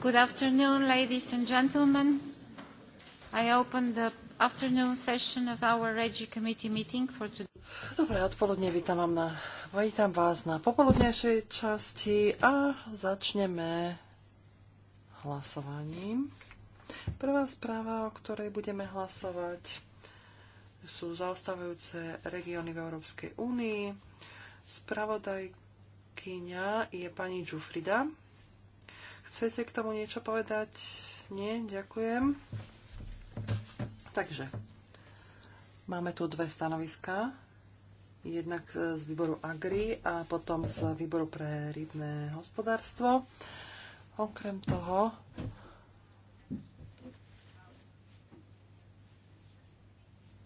Good afternoon, ladies and gentlemen. I open the afternoon session of our Regi Committee meeting for today. Dobré odpoludne, vítam, vám na, vítam vás na popoludnejšej časti a začneme hlasovaním. Prvá správa, o ktorej budeme hlasovať, sú zaostávajúce regióny v Európskej únii. Spravodajkyňa je pani Giuffrida. Chcete k tomu niečo povedať? Nie, ďakujem. Takže, máme tu dve stanoviská. Jednak z výboru Agri a potom z výboru pre rybné hospodárstvo. Okrem toho,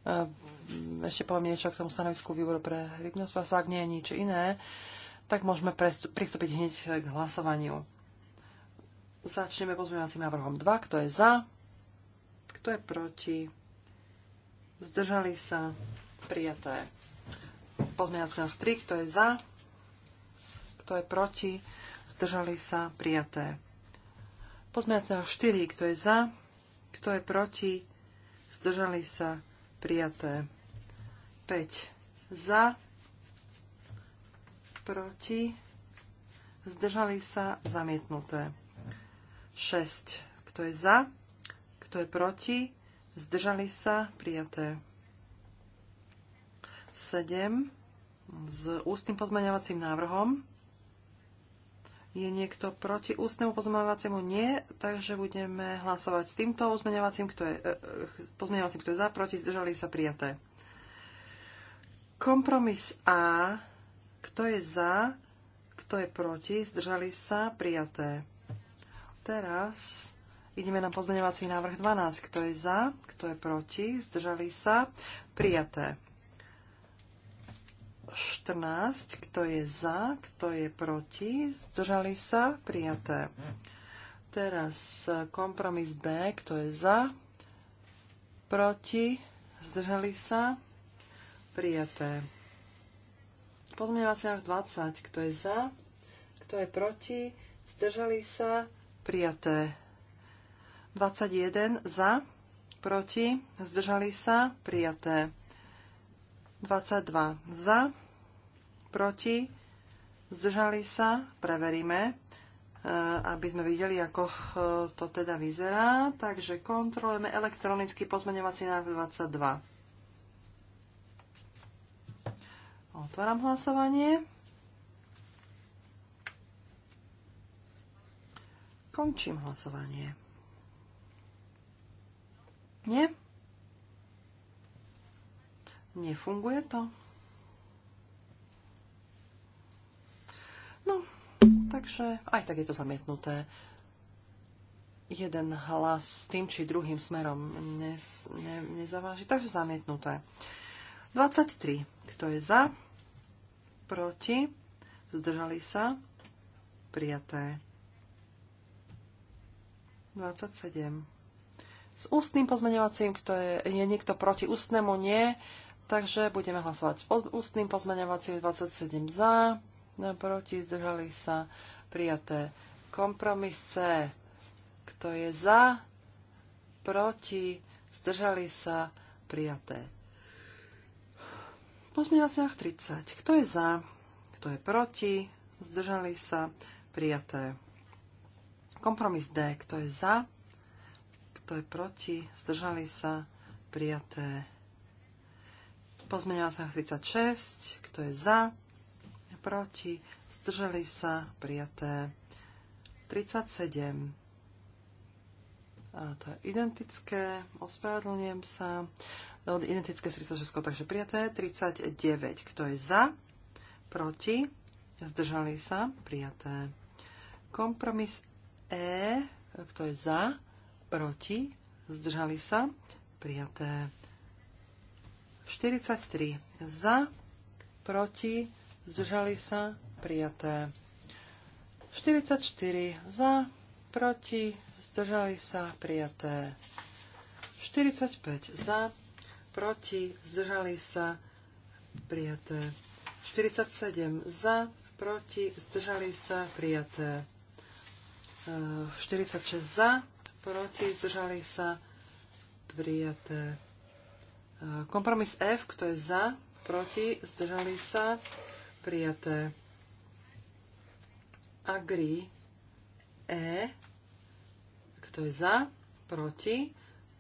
eh, ešte poviem niečo k tomu stanovisku výboru pre rybnosť, ak nie je nič iné, tak môžeme pristúpiť hneď k hlasovaniu. Začneme pozmeňovacím návrhom 2. Kto je za? Kto je proti? Zdržali sa? Prijaté. Pozmeňovací návrh 3. Kto je za? Kto je proti? Zdržali sa? Prijaté. Pozmeňovací návrh 4. Kto je za? Kto je proti? Zdržali sa? Prijaté. 5. Za? Proti? Zdržali sa? Zamietnuté. 6. Kto je za? Kto je proti? Zdržali sa? Prijaté. 7. S ústnym pozmeňovacím návrhom. Je niekto proti ústnemu pozmeňovaciemu? Nie, takže budeme hlasovať s týmto pozmeňovacím, kto je, eh, eh, pozmeňovacím, kto je za, proti, zdržali sa, prijaté. Kompromis A. Kto je za? Kto je proti? Zdržali sa? Prijaté. Teraz ideme na pozmeňovací návrh 12. Kto je za? Kto je proti? Zdržali sa? Prijaté. 14. Kto je za? Kto je proti? Zdržali sa? Prijaté. Teraz kompromis B. Kto je za? Proti? Zdržali sa? Prijaté. Pozmeňovací návrh 20. Kto je za? Kto je proti? Zdržali sa? Prijaté prijaté. 21 za, proti, zdržali sa, prijaté. 22 za, proti, zdržali sa, preveríme, e, aby sme videli, ako e, to teda vyzerá. Takže kontrolujeme elektronický pozmeňovací návrh 22. Otváram hlasovanie. Končím hlasovanie. Nie? Nefunguje to? No, takže aj tak je to zamietnuté. Jeden hlas s tým či druhým smerom ne, ne, nezaváži, takže zamietnuté. 23. Kto je za? Proti? Zdržali sa? Prijaté. 27. S ústnym pozmeňovacím, kto je, je niekto proti ústnemu, nie. Takže budeme hlasovať s ústnym pozmeňovacím 27 za, proti zdržali sa prijaté kompromis C. Kto je za, proti, zdržali sa prijaté. Pozmeňovací 30. Kto je za, kto je proti, zdržali sa prijaté. Kompromis D. Kto je za? Kto je proti? Zdržali sa? Prijaté. Pozmenila sa 36. Kto je za? Proti? Zdržali sa? Prijaté. 37. A to je identické. Ospravedlňujem sa. Identické s 36, takže prijaté. 39. Kto je za? Proti? Zdržali sa? Prijaté. Kompromis E, kto je za, proti, zdržali sa, prijaté. 43 za, proti, zdržali sa, prijaté. 44 za, proti, zdržali sa, prijaté. 45 za, proti, zdržali sa, prijaté. 47 za, proti, zdržali sa, prijaté. 46 za, proti, zdržali sa prijaté. Kompromis F, kto je za, proti, zdržali sa prijaté. Agri E, kto je za, proti,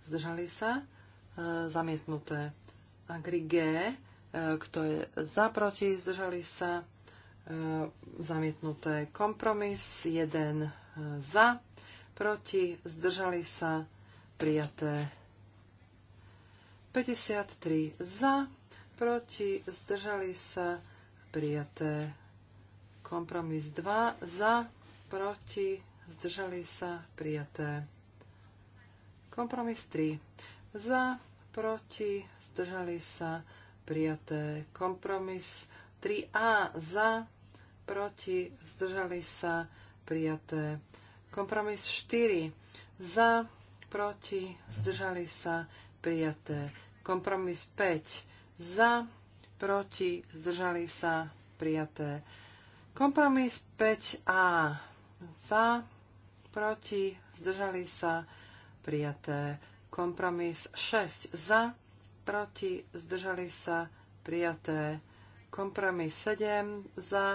zdržali sa e, zamietnuté. Agri G, e, kto je za, proti, zdržali sa e, zamietnuté. Kompromis 1 za, proti, zdržali sa, prijaté. 53 za, proti, zdržali sa, prijaté. Kompromis 2 za, proti, zdržali sa, prijaté. Kompromis 3 za, proti, zdržali sa, prijaté. Kompromis 3a za, proti, zdržali sa, prijaté prijaté. Kompromis 4 za, proti, zdržali sa, prijaté. Kompromis 5 za, proti, zdržali sa, prijaté. Kompromis 5a za, proti, zdržali sa, prijaté. Kompromis 6 za, proti, zdržali sa, prijaté. Kompromis 7 za,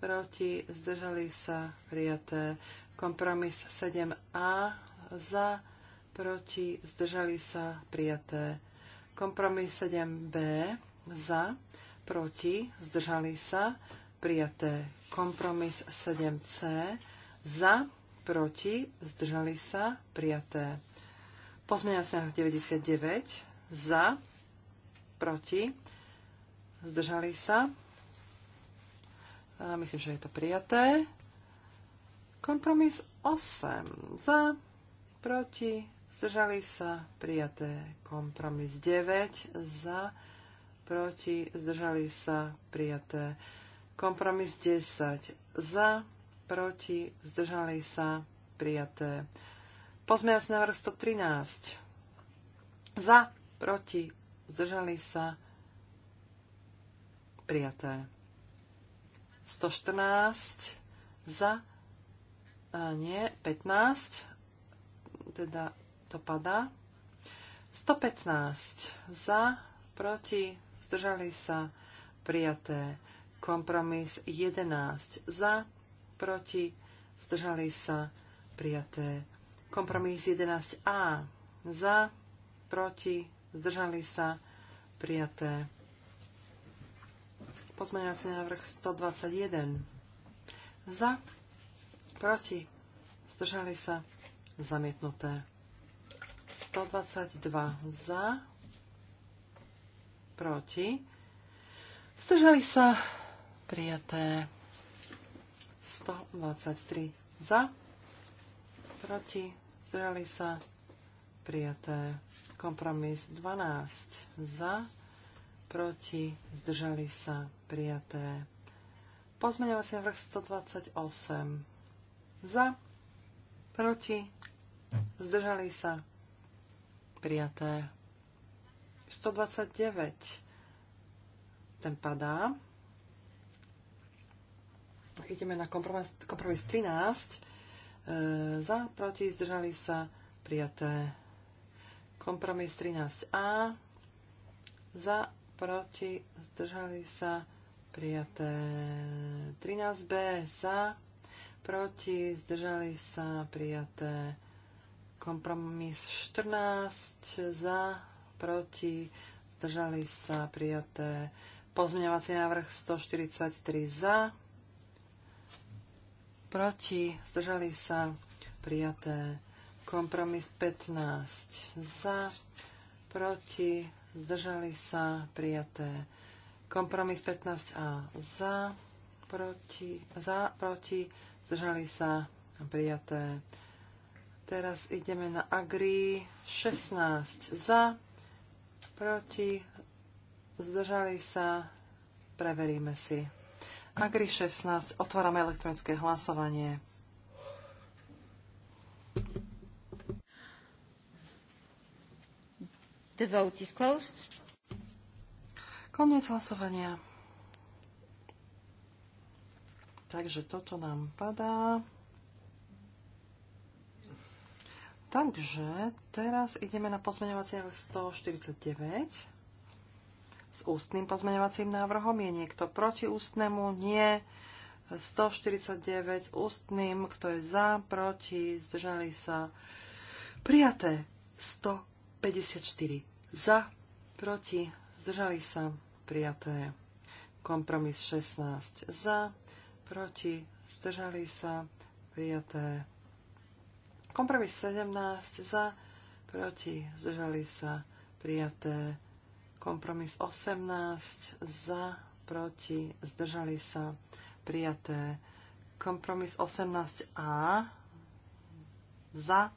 proti, zdržali sa, prijaté. Kompromis 7a, za, proti, zdržali sa, prijaté. Kompromis 7b, za, proti, zdržali sa, prijaté. Kompromis 7c, za, proti, zdržali sa, prijaté. Pozmeňa sa 99, za, proti, zdržali sa, a myslím, že je to prijaté. Kompromis 8 za, proti, zdržali sa, prijaté. Kompromis 9 za, proti, zdržali sa, prijaté. Kompromis 10 za, proti, zdržali sa, prijaté. Pozmeňací návrh 113 za, proti, zdržali sa, prijaté. 114 za, a nie, 15, teda to padá. 115 za, proti, zdržali sa, prijaté. Kompromis 11 za, proti, zdržali sa, prijaté. Kompromis 11a za, proti, zdržali sa, prijaté. Pozmeňovací návrh 121. Za, proti, zdržali sa, zamietnuté. 122 za, proti, zdržali sa, prijaté. 123 za, proti, zdržali sa, prijaté. Kompromis 12 za, proti, zdržali sa, prijaté. Pozmeňovací návrh 128. Za, proti, zdržali sa, prijaté. 129. Ten padá. Ideme na kompromis, kompromis 13. E, za, proti, zdržali sa, prijaté. Kompromis 13a. Za, proti, zdržali sa, prijaté 13B za, proti, zdržali sa, prijaté kompromis 14 za, proti, zdržali sa, prijaté pozmeňovací návrh 143 za, proti, zdržali sa, prijaté kompromis 15 za, proti, zdržali sa, prijaté. Kompromis 15a za, proti, za, proti, zdržali sa, prijaté. Teraz ideme na Agri 16 za, proti, zdržali sa, preveríme si. Agri 16, otvárame elektronické hlasovanie. The vote is closed. Koniec hlasovania. Takže toto nám padá. Takže teraz ideme na pozmeňovací návrh 149. S ústnym pozmeňovacím návrhom je niekto proti ústnemu? Nie. 149 s ústnym, kto je za, proti, zdržali sa. Prijaté 100. 54 za, proti, zdržali sa, prijaté. Kompromis 16 za, proti, zdržali sa, prijaté. Kompromis 17 za, proti, zdržali sa, prijaté. Kompromis 18 za, proti, zdržali sa, prijaté. Kompromis 18a za,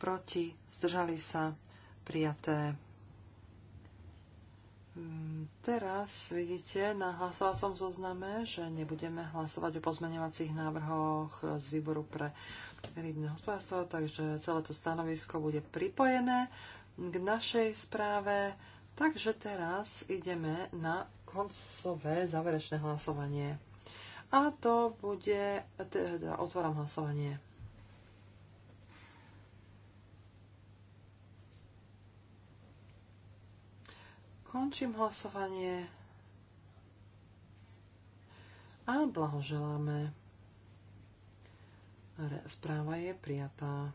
proti, zdržali sa, prijaté prijaté. Mm, teraz vidíte na hlasovacom zozname, že nebudeme hlasovať o pozmeňovacích návrhoch z výboru pre rybné hospodárstvo, takže celé to stanovisko bude pripojené k našej správe. Takže teraz ideme na koncové záverečné hlasovanie. A to bude, teda otváram hlasovanie. Končím hlasovanie. A blahoželáme. Správa je prijatá.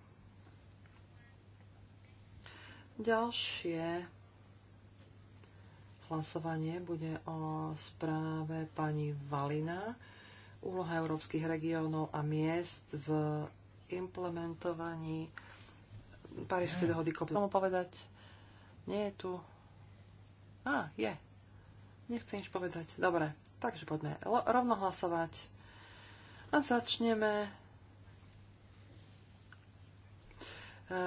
Ďalšie hlasovanie bude o správe pani Valina. Úloha európskych regiónov a miest v implementovaní Parížskej dohody. Komu povedať? Nie je tu. Á, je. Nechcem nič povedať. Dobre, takže poďme rovno hlasovať. A začneme. E,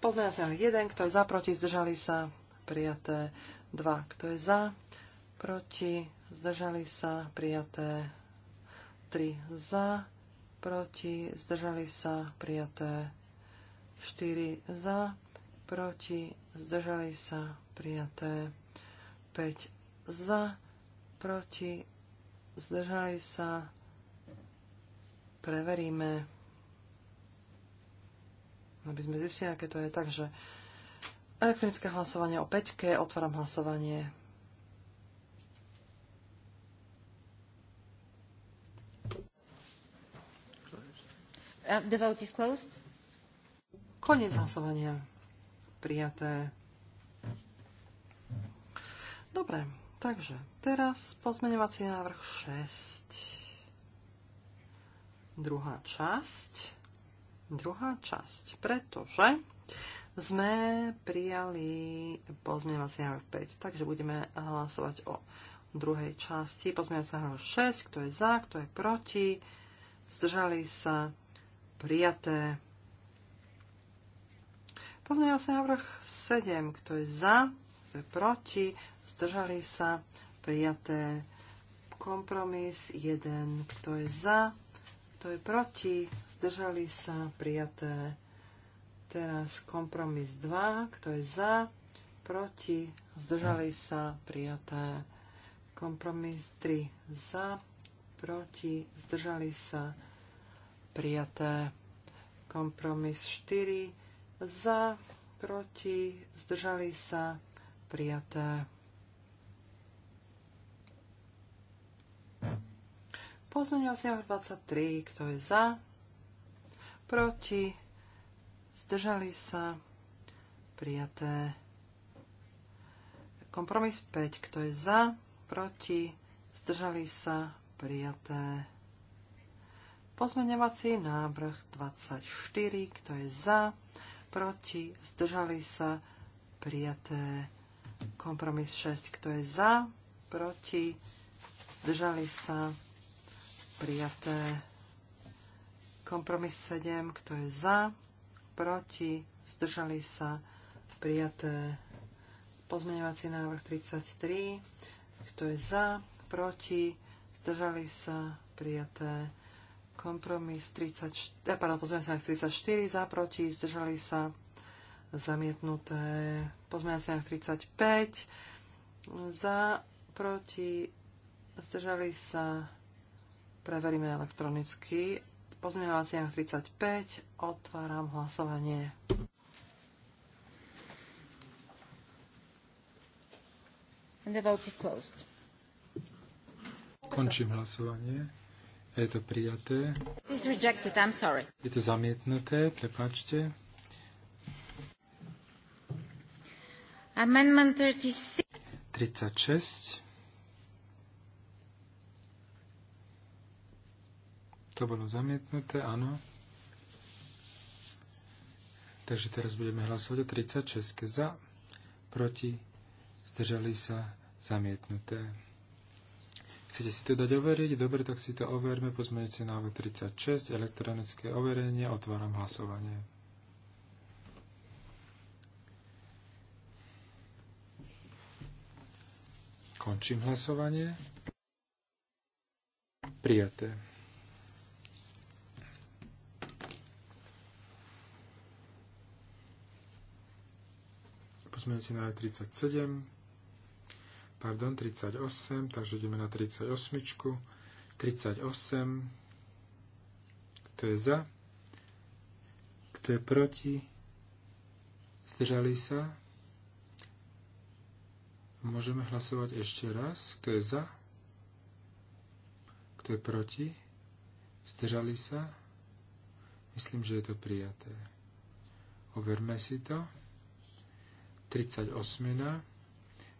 Pozmeňací návrh 1, kto je za, proti, zdržali sa, prijaté 2, kto je za, proti, zdržali sa, prijaté 3 za, proti, zdržali sa, prijaté 4 za, proti, zdržali sa, prijaté 5 za, proti, zdržali sa, preveríme, aby sme zistili, aké to je. Takže elektronické hlasovanie o 5, otváram hlasovanie. Uh, the vote is closed. Konec hlasovania. Prijaté. Dobre, takže teraz pozmeňovací návrh 6. Druhá časť. Druhá časť, pretože sme prijali pozmeňovací návrh 5, takže budeme hlasovať o druhej časti. Pozmeňovací návrh 6, kto je za, kto je proti, zdržali sa, prijaté. Pozmeňovací návrh 7, kto je za, proti, zdržali sa, prijaté. Kompromis 1, kto je za, kto je proti, zdržali sa, prijaté. Teraz kompromis 2, kto je za, proti, zdržali sa, prijaté. Kompromis 3, za, proti, zdržali sa, prijaté. Kompromis 4, za, proti, zdržali sa, prijaté. Pozmeňovací si 23, kto je za, proti, zdržali sa, prijaté. Kompromis 5, kto je za, proti, zdržali sa, prijaté. Pozmeňovací návrh 24, kto je za, proti, zdržali sa, prijaté. Kompromis 6. Kto je za? Proti? Zdržali sa? Prijaté. Kompromis 7. Kto je za? Proti? Zdržali sa? Prijaté. Pozmeňovací návrh 33. Kto je za? Proti? Zdržali sa? Prijaté. Kompromis 34, eh, pardon, pozmeňovací návrh 34. Za? Proti? Zdržali sa? zamietnuté. Pozmeňovací na 35 za, proti, zdržali sa, preveríme elektronicky. Pozmeňovací na 35, otváram hlasovanie. And the vote is closed. Končím hlasovanie. Je to prijaté. It is rejected, I'm sorry. Je to zamietnuté, prepačte. Amendment 36. To bolo zamietnuté, áno. Takže teraz budeme hlasovať o 36 za, proti, zdržali sa, zamietnuté. Chcete si to dať overiť? Dobre, tak si to overme. Pozmeňujúci návrh 36, elektronické overenie, otváram hlasovanie. Končím hlasovanie. Prijaté. Pozmeňujem si na 37, pardon, 38, takže ideme na 38. 38, kto je za, kto je proti, zdržali sa, Môžeme hlasovať ešte raz. Kto je za? Kto je proti? Zdržali sa? Myslím, že je to prijaté. Overme si to. 38.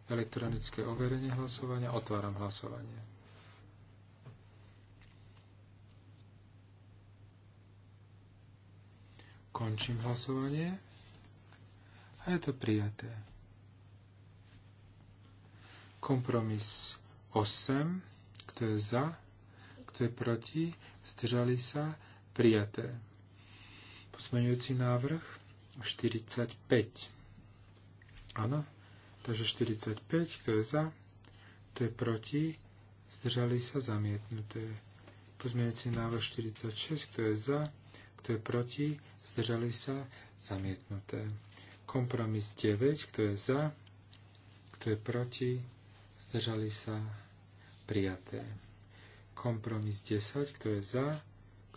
Elektronické overenie hlasovania. Otváram hlasovanie. Končím hlasovanie. A je to prijaté. Kompromis 8. Kto je za? Kto je proti? Zdržali sa? Prijaté. Posmeňujúci návrh 45. Áno. Takže 45. Kto je za? Kto je proti? Zdržali sa? Zamietnuté. Pozmeňujúci návrh 46. Kto je za? Kto je proti? Zdržali sa? Zamietnuté. Kompromis 9. Kto je za? Kto je proti? zdržali sa, prijaté. Kompromis 10, kto je za,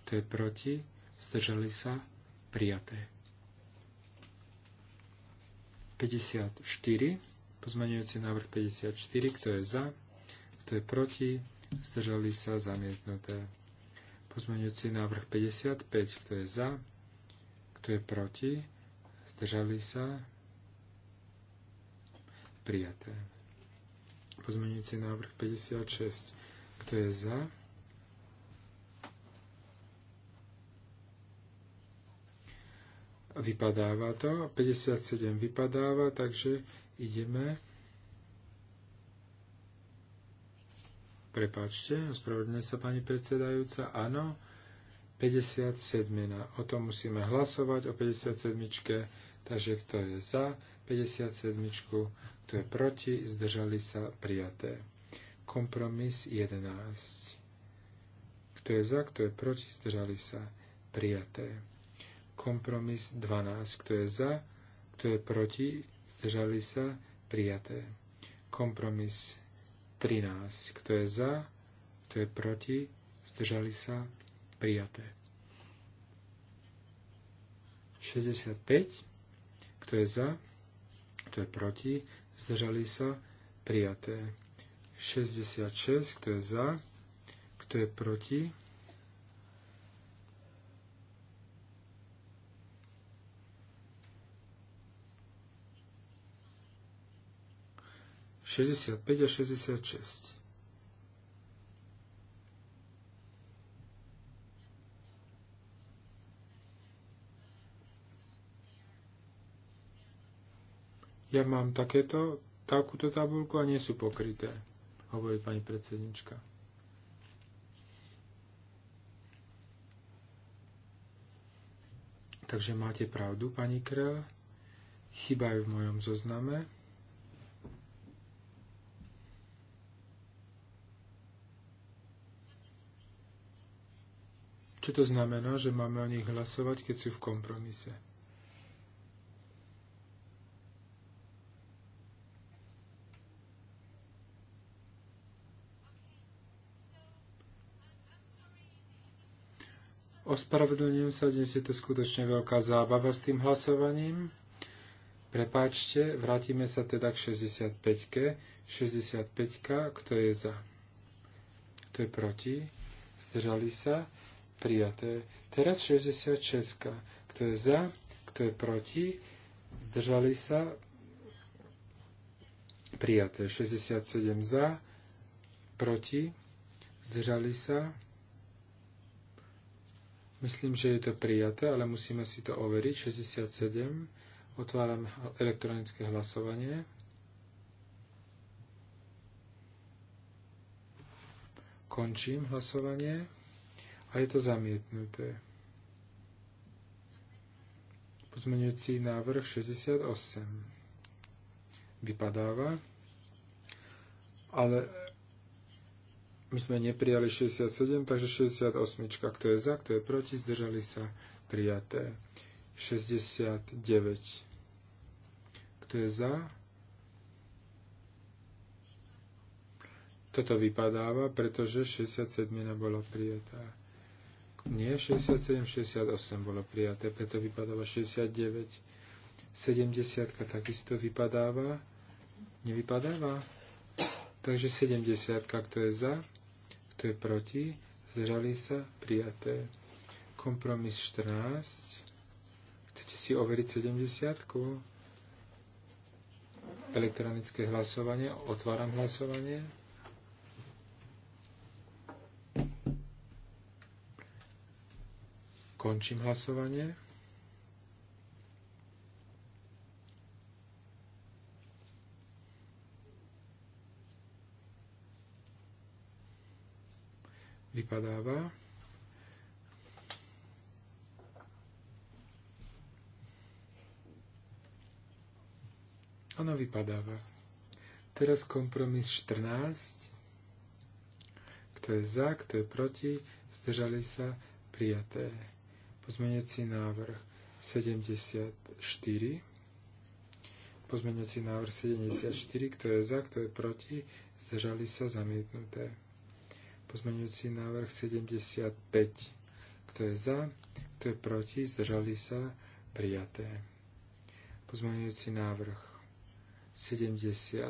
kto je proti, zdržali sa, prijaté. 54, pozmenujúci návrh 54, kto je za, kto je proti, zdržali sa, zamietnuté. pozmenujúci návrh 55, kto je za, kto je proti, zdržali sa, prijaté. Pozmeňujúci návrh 56. Kto je za? Vypadáva to. 57 vypadáva, takže ideme. Prepáčte, ospravedlňuje sa pani predsedajúca. Áno, 57. O tom musíme hlasovať, o 57. Takže kto je za? 57. Kto je proti? Zdržali sa prijaté. Kompromis 11. Kto je za? Kto je proti? Zdržali sa prijaté. Kompromis 12. Kto je za? Kto je proti? Zdržali sa prijaté. Kompromis 13. Kto je za? Kto je proti? Zdržali sa prijaté. 65. Kto je za? kto je proti, zdržali sa, prijaté. 66, kto je za, kto je proti, Šesťdesiat päť a šesťdesiat Ja mám takéto, takúto tabulku a nie sú pokryté, hovorí pani predsednička. Takže máte pravdu, pani Krel. Chyba je v mojom zozname. Čo to znamená, že máme o nich hlasovať, keď sú v kompromise? Ospravedlňujem sa, dnes je to skutočne veľká zábava s tým hlasovaním. Prepáčte, vrátime sa teda k 65-ke. 65-ka, kto je za? Kto je proti? Zdržali sa? Prijaté. Teraz 66 -ka. Kto je za? Kto je proti? Zdržali sa? Prijaté. 67 za? Proti? Zdržali sa? Myslím, že je to prijaté, ale musíme si to overiť. 67. Otváram elektronické hlasovanie. Končím hlasovanie a je to zamietnuté. Pozmeňujúci návrh 68 vypadáva, ale my sme neprijali 67, takže 68. Kto je za, kto je proti, zdržali sa prijaté. 69. Kto je za? Toto vypadáva, pretože 67 bola prijatá. Nie, 67, 68 bolo prijaté, preto vypadáva 69. 70 takisto vypadáva. Nevypadáva? Takže 70, kto je za? kto je proti, zdržali sa, prijaté. Kompromis 14. Chcete si overiť 70? Elektronické hlasovanie. Otváram hlasovanie. Končím hlasovanie. vypadáva. Ono vypadáva. Teraz kompromis 14. Kto je za, kto je proti, zdržali sa prijaté. Pozmeňujúci návrh 74. Pozmeňujúci návrh 74. Kto je za, kto je proti, zdržali sa zamietnuté. Pozmeňujúci návrh 75. Kto je za? Kto je proti? Zdržali sa? Prijaté. Pozmeňujúci návrh 76.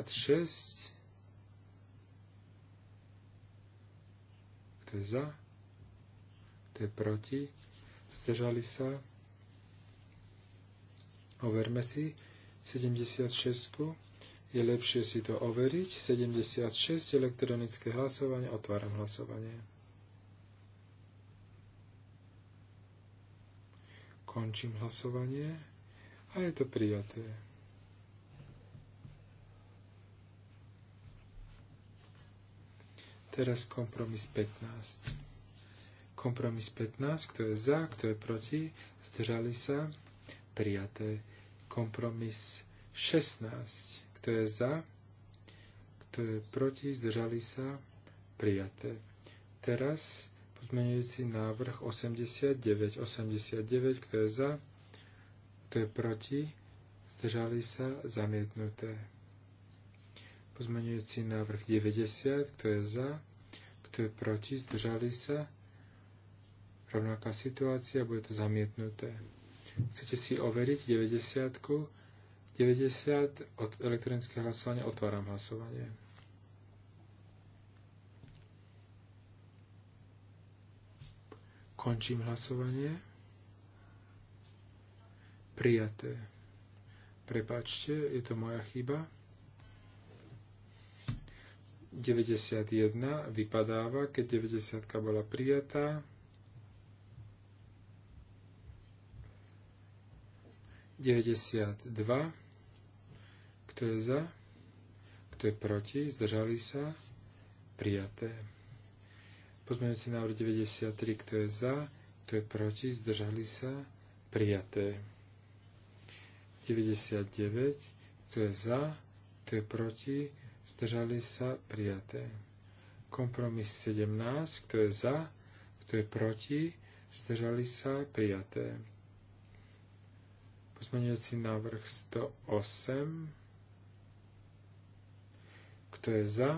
Kto je za? Kto je proti? Zdržali sa? Overme si 76 je lepšie si to overiť. 76, elektronické hlasovanie, otváram hlasovanie. Končím hlasovanie a je to prijaté. Teraz kompromis 15. Kompromis 15, kto je za, kto je proti, zdržali sa, prijaté. Kompromis 16 kto je za, kto je proti, zdržali sa, prijaté. Teraz pozmeňujúci návrh 89, 89, kto je za, kto je proti, zdržali sa, zamietnuté. Pozmeňujúci návrh 90, kto je za, kto je proti, zdržali sa, rovnaká situácia, bude to zamietnuté. Chcete si overiť 90? -ku? 90 od elektronické hlasovanie. Otváram hlasovanie. Končím hlasovanie. Prijaté. Prepačte, je to moja chyba. 91 vypadáva, keď 90 bola prijatá. 92 kto je za? Kto je proti? Zdržali sa? Prijaté. si návrh 93. Kto je za? Kto je proti? Zdržali sa? Prijaté. 99. Kto je za? Kto je proti? Zdržali sa? Prijaté. Kompromis 17. Kto je za? Kto je proti? Zdržali sa? Prijaté. Pozmeňujúci návrh 108 kto je za?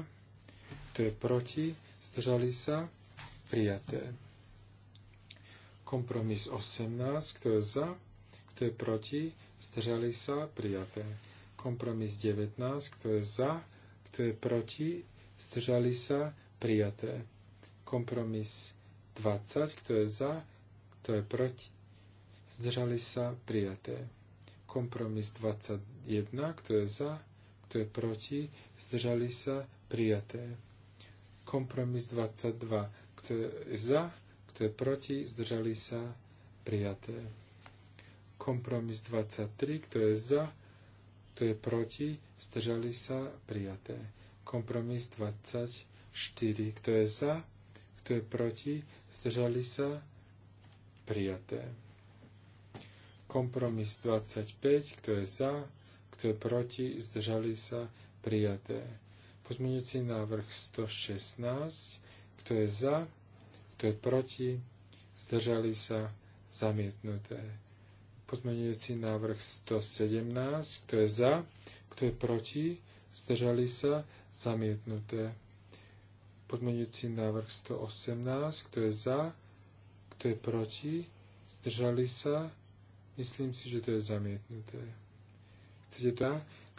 Kto je proti? Zdržali sa? Prijaté. Kompromis 18. Kto je za? Kto je proti? Zdržali sa? Prijaté. Kompromis 19. Kto je za? Kto je proti? Zdržali sa? Prijaté. Kompromis 20. Kto je za? Kto je proti? Zdržali sa? Prijaté. Kompromis 21. Kto je za? kto je proti, zdržali sa, prijaté. Kompromis 22, kto je za, kto je proti, zdržali sa, prijaté. Kompromis 23, kto je za, kto je proti, zdržali sa, prijaté. Kompromis 24, kto je za, kto je proti, zdržali sa, prijaté. Kompromis 25, kto je za, kto je proti? Zdržali sa? Prijaté. Pozmeňujúci návrh 116. Kto je za? Kto je proti? Zdržali sa? Zamietnuté. Pozmeňujúci návrh 117. Kto je za? Kto je proti? Zdržali sa? Zamietnuté. Pozmeňujúci návrh 118. Kto je za? Kto je proti? Zdržali sa? Myslím si, že to je zamietnuté. Chcete to?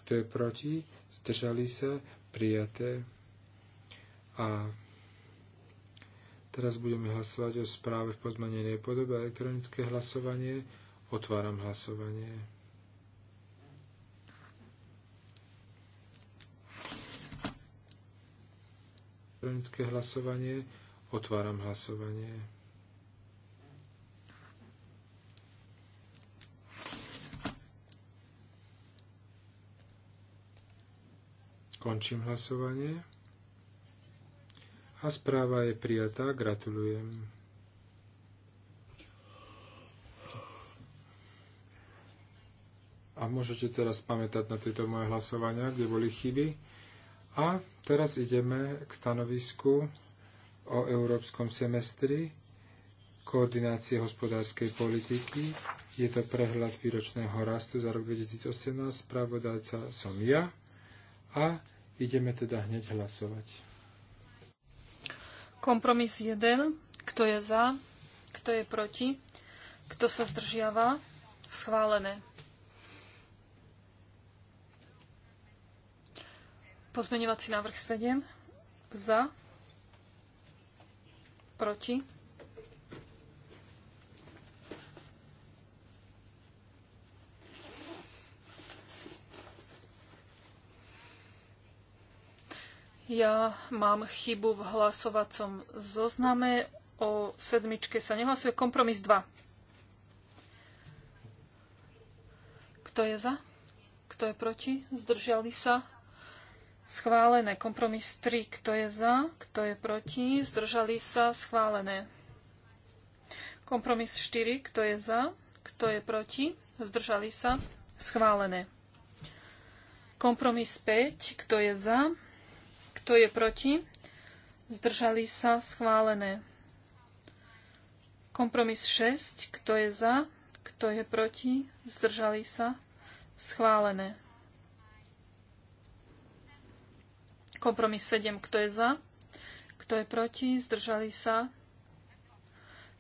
Kto je proti? Zdržali sa? Prijaté. A teraz budeme hlasovať o správe v pozmanenej podobe elektronické hlasovanie. Otváram hlasovanie. elektronické hlasovanie. Otváram hlasovanie. Končím hlasovanie. A správa je prijatá. Gratulujem. A môžete teraz pamätať na tieto moje hlasovania, kde boli chyby. A teraz ideme k stanovisku o európskom semestri koordinácie hospodárskej politiky. Je to prehľad výročného rastu za rok 2018. Spravodajca som ja. A Ideme teda hneď hlasovať. Kompromis 1. Kto je za? Kto je proti? Kto sa zdržiava? Schválené. Pozmeňovací návrh 7. Za. Proti. Ja mám chybu v hlasovacom zozname. O sedmičke sa nehlasuje. Kompromis 2. Kto je za? Kto je proti? Zdržali sa? Schválené. Kompromis 3. Kto je za? Kto je proti? Zdržali sa? Schválené. Kompromis 4. Kto je za? Kto je proti? Zdržali sa? Schválené. Kompromis 5. Kto je za? Kto je proti? Zdržali sa schválené. Kompromis 6. Kto je za? Kto je proti? Zdržali sa schválené. Kompromis 7. Kto je za? Kto je proti? Zdržali sa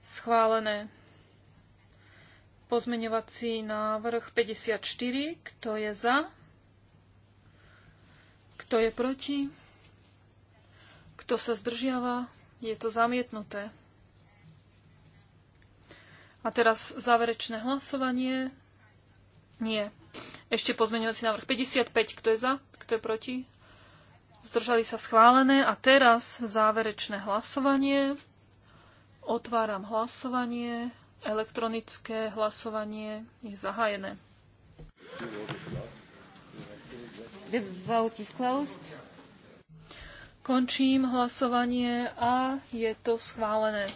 schválené. Pozmeňovací návrh 54. Kto je za? Kto je proti? Kto sa zdržiava, je to zamietnuté. A teraz záverečné hlasovanie. Nie. Ešte pozmeňovací návrh 55. Kto je za? Kto je proti? Zdržali sa schválené. A teraz záverečné hlasovanie. Otváram hlasovanie. Elektronické hlasovanie je zahájené. The vote is closed. Končím hlasovanie a je to schválené.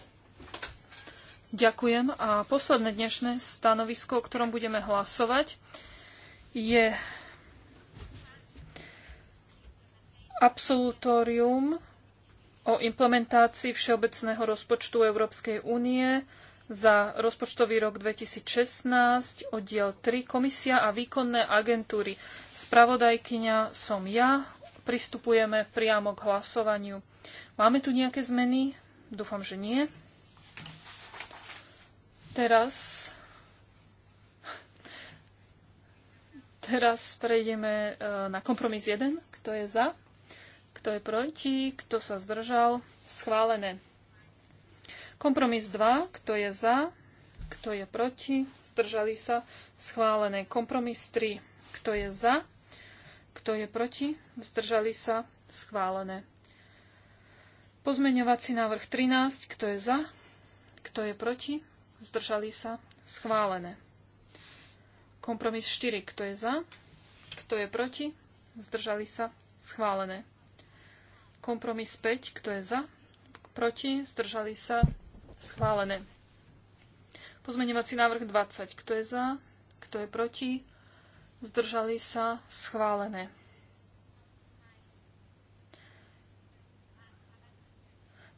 Ďakujem. A posledné dnešné stanovisko, o ktorom budeme hlasovať, je absolutórium o implementácii Všeobecného rozpočtu Európskej únie za rozpočtový rok 2016, oddiel 3, komisia a výkonné agentúry. Spravodajkyňa som ja, pristupujeme priamo k hlasovaniu. Máme tu nejaké zmeny? Dúfam, že nie. Teraz teraz prejdeme eh, na kompromis 1. Kto je za? Kto je proti? Kto sa zdržal? Schválené. Kompromis 2. Kto je za? Kto je proti? Zdržali sa? Schválené. Kompromis 3. Kto je za? Kto je proti? Zdržali sa? Schválené. Pozmeňovací návrh 13. Kto je za? Kto je proti? Zdržali sa? Schválené. Kompromis 4. Kto je za? Kto je proti? Zdržali sa? Schválené. Kompromis 5. Kto je za? Proti? Zdržali sa? Schválené. Pozmeňovací návrh 20. Kto je za? Kto je proti? zdržali sa, schválené.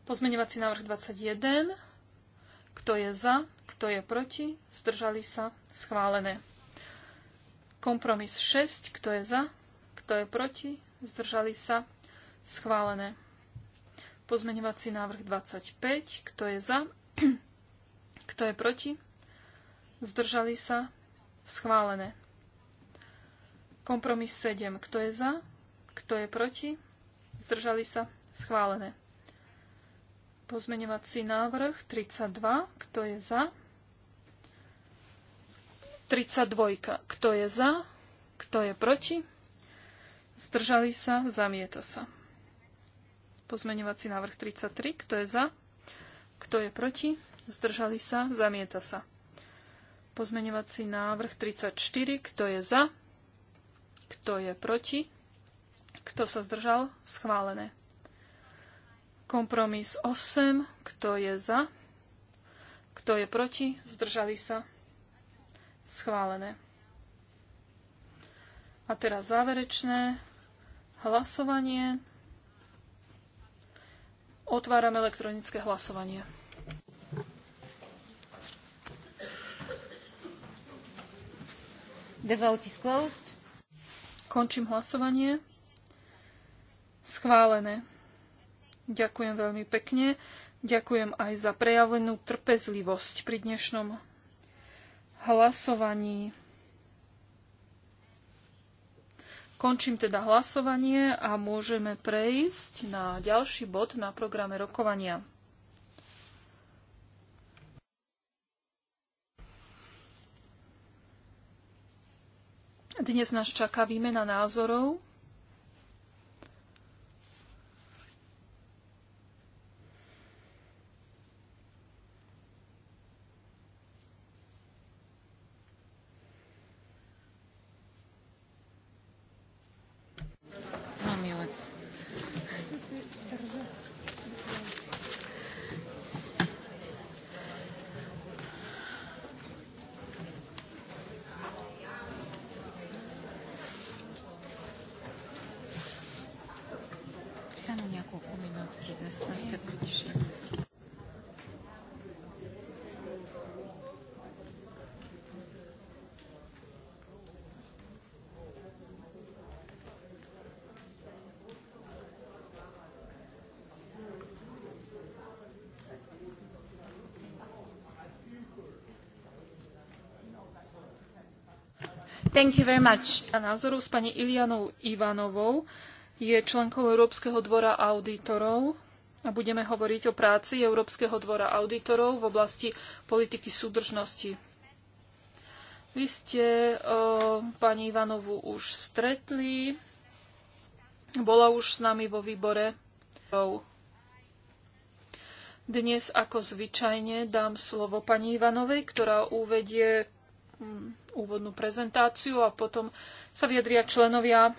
Pozmeňovací návrh 21. Kto je za, kto je proti, zdržali sa, schválené. Kompromis 6. Kto je za, kto je proti, zdržali sa, schválené. Pozmeňovací návrh 25. Kto je za, kto je proti, zdržali sa, schválené. Kompromis 7. Kto je za? Kto je proti? Zdržali sa? Schválené. Pozmeňovací návrh 32. Kto je za? 32. Kto je za? Kto je proti? Zdržali sa? Zamieta sa. Pozmeňovací návrh 33. Kto je za? Kto je proti? Zdržali sa? Zamieta sa. Pozmeňovací návrh 34. Kto je za? Kto je proti? Kto sa zdržal? Schválené. Kompromis 8. Kto je za? Kto je proti? Zdržali sa? Schválené. A teraz záverečné hlasovanie. Otváram elektronické hlasovanie. The vote is closed. Končím hlasovanie. Schválené. Ďakujem veľmi pekne. Ďakujem aj za prejavenú trpezlivosť pri dnešnom hlasovaní. Končím teda hlasovanie a môžeme prejsť na ďalší bod na programe rokovania. Dnes nás čaká výmena názorov Thank you very much. A názoru s pani Ilianou Ivanovou je členkou Európskeho dvora auditorov a budeme hovoriť o práci Európskeho dvora auditorov v oblasti politiky súdržnosti. Vy ste o, pani Ivanovu už stretli, bola už s nami vo výbore. Dnes, ako zvyčajne, dám slovo pani Ivanovej, ktorá uvedie Hm, úvodnú prezentáciu a potom sa vyjadria členovia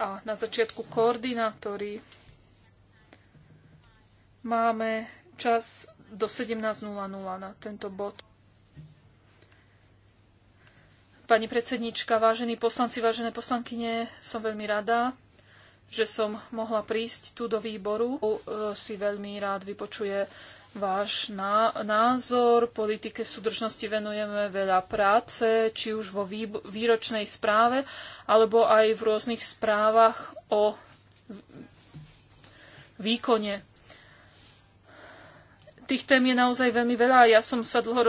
a na začiatku koordinátori. Máme čas do 17.00 na tento bod. Pani predsednička, vážení poslanci, vážené poslankyne, som veľmi rada, že som mohla prísť tu do výboru. E, si veľmi rád vypočuje váš názor. Politike súdržnosti venujeme veľa práce, či už vo výročnej správe, alebo aj v rôznych správach o výkone. Tých tém je naozaj veľmi veľa a ja som sa dlho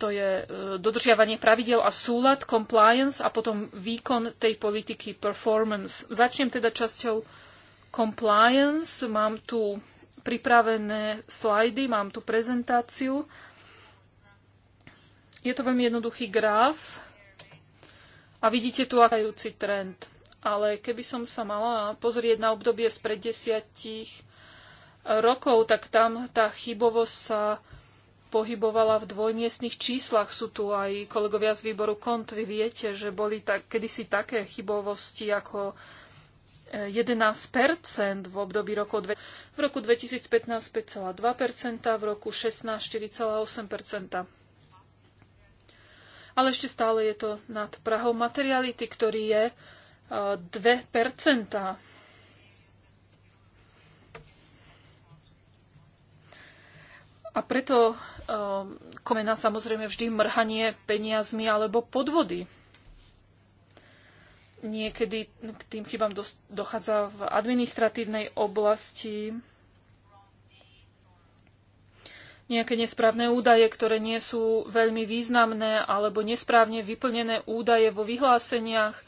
To je e, dodržiavanie pravidel a súlad, compliance a potom výkon tej politiky, performance. Začnem teda časťou compliance. Mám tu pripravené slajdy, mám tu prezentáciu. Je to veľmi jednoduchý graf a vidíte tu akajúci trend. Ale keby som sa mala pozrieť na obdobie spred desiatich rokov, tak tam tá chybovosť sa pohybovala v dvojmiestných číslach. Sú tu aj kolegovia z výboru kont. Vy viete, že boli tak, kedysi také chybovosti ako 11 v období roku v roku 2015 5,2 v roku 16 4,8 Ale ešte stále je to nad Prahou materiality, ktorý je 2 e, A preto um, e, komená samozrejme vždy mrhanie peniazmi alebo podvody. Niekedy k tým chybám dochádza v administratívnej oblasti. Nejaké nesprávne údaje, ktoré nie sú veľmi významné alebo nesprávne vyplnené údaje vo vyhláseniach.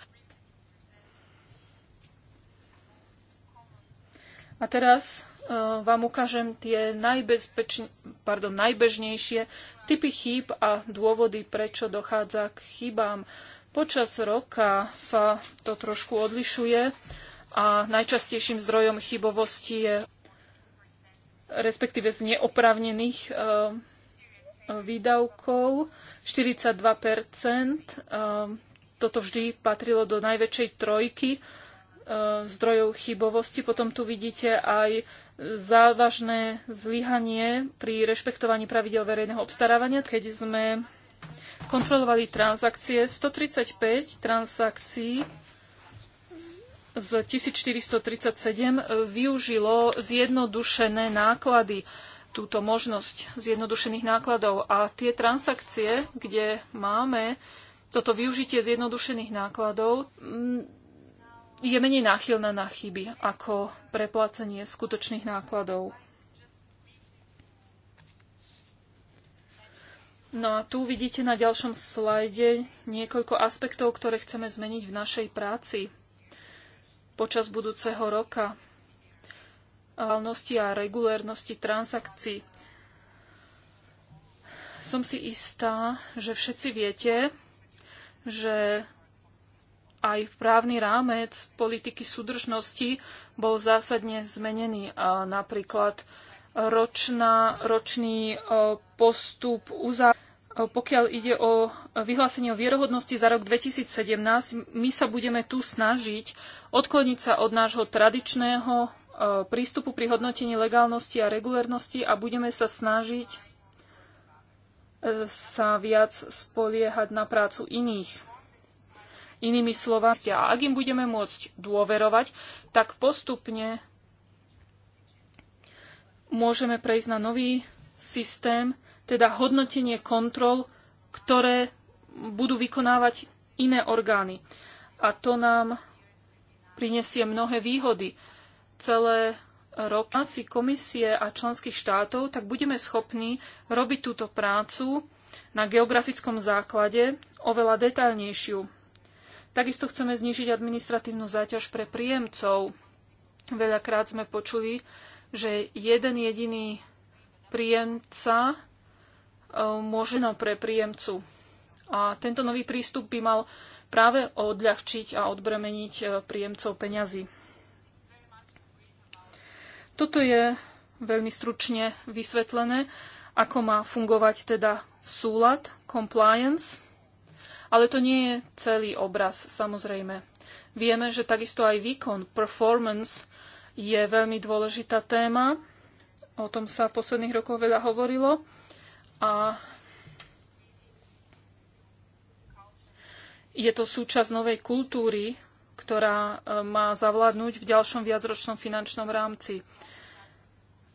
A teraz e, vám ukážem tie pardon, najbežnejšie typy chýb a dôvody, prečo dochádza k chybám. Počas roka sa to trošku odlišuje a najčastejším zdrojom chybovosti je respektíve z neoprávnených e, výdavkov 42 e, eh, Toto vždy patrilo do najväčšej trojky e, zdrojov chybovosti. Potom tu vidíte aj závažné zlyhanie pri rešpektovaní pravidel verejného obstarávania, keď sme skontrolovali transakcie. 135 transakcií z 1437 využilo zjednodušené náklady, túto možnosť zjednodušených nákladov. A tie transakcie, kde máme toto využitie zjednodušených nákladov, mm, je menej náchylná na chyby ako preplácenie skutočných nákladov. No a tu vidíte na ďalšom slajde niekoľko aspektov, ktoré chceme zmeniť v našej práci počas budúceho roka. a regulérnosti transakcií. Som si istá, že všetci viete, že aj právny rámec politiky súdržnosti bol zásadne zmenený. A napríklad ročná, ročný e, postup uzav... E, pokiaľ ide o vyhlásenie o vierohodnosti za rok 2017, my sa budeme tu snažiť odkloniť sa od nášho tradičného e, prístupu pri hodnotení legálnosti a regulérnosti a budeme sa snažiť sa viac spoliehať na prácu iných. Inými slovami, a ak im budeme môcť dôverovať, tak postupne môžeme prejsť na nový systém, teda hodnotenie kontrol, ktoré budú vykonávať iné orgány. A to nám prinesie mnohé výhody. Celé roky komisie a členských štátov, tak budeme schopní robiť túto prácu na geografickom základe oveľa detaľnejšiu. Takisto chceme znižiť administratívnu záťaž pre príjemcov. Veľakrát sme počuli, že jeden jediný príjemca eh, môže pre príjemcu. A tento nový prístup by mal práve odľahčiť a odbremeniť eh, príjemcov peňazí. Toto je veľmi stručne vysvetlené, ako má fungovať teda súlad, compliance, ale to nie je celý obraz, samozrejme. Vieme, že takisto aj výkon, performance, je veľmi dôležitá téma. O tom sa v posledných rokoch veľa hovorilo. A je to súčasť novej kultúry, ktorá e, má zavládnuť v ďalšom viacročnom finančnom rámci.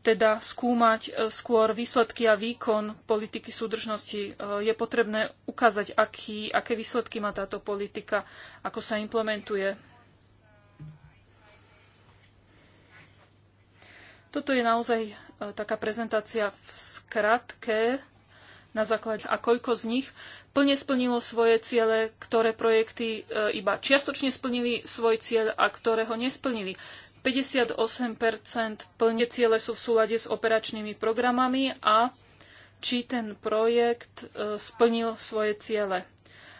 Teda skúmať e, skôr výsledky a výkon politiky súdržnosti. E, je potrebné ukázať, aký, aké výsledky má táto politika, ako sa implementuje Toto je naozaj e, taká prezentácia v skratke, na základe a koľko z nich plne splnilo svoje ciele, ktoré projekty e, iba čiastočne splnili svoj cieľ a ktoré ho nesplnili. 58 plne ciele sú v súlade s operačnými programami a či ten projekt e, splnil svoje ciele.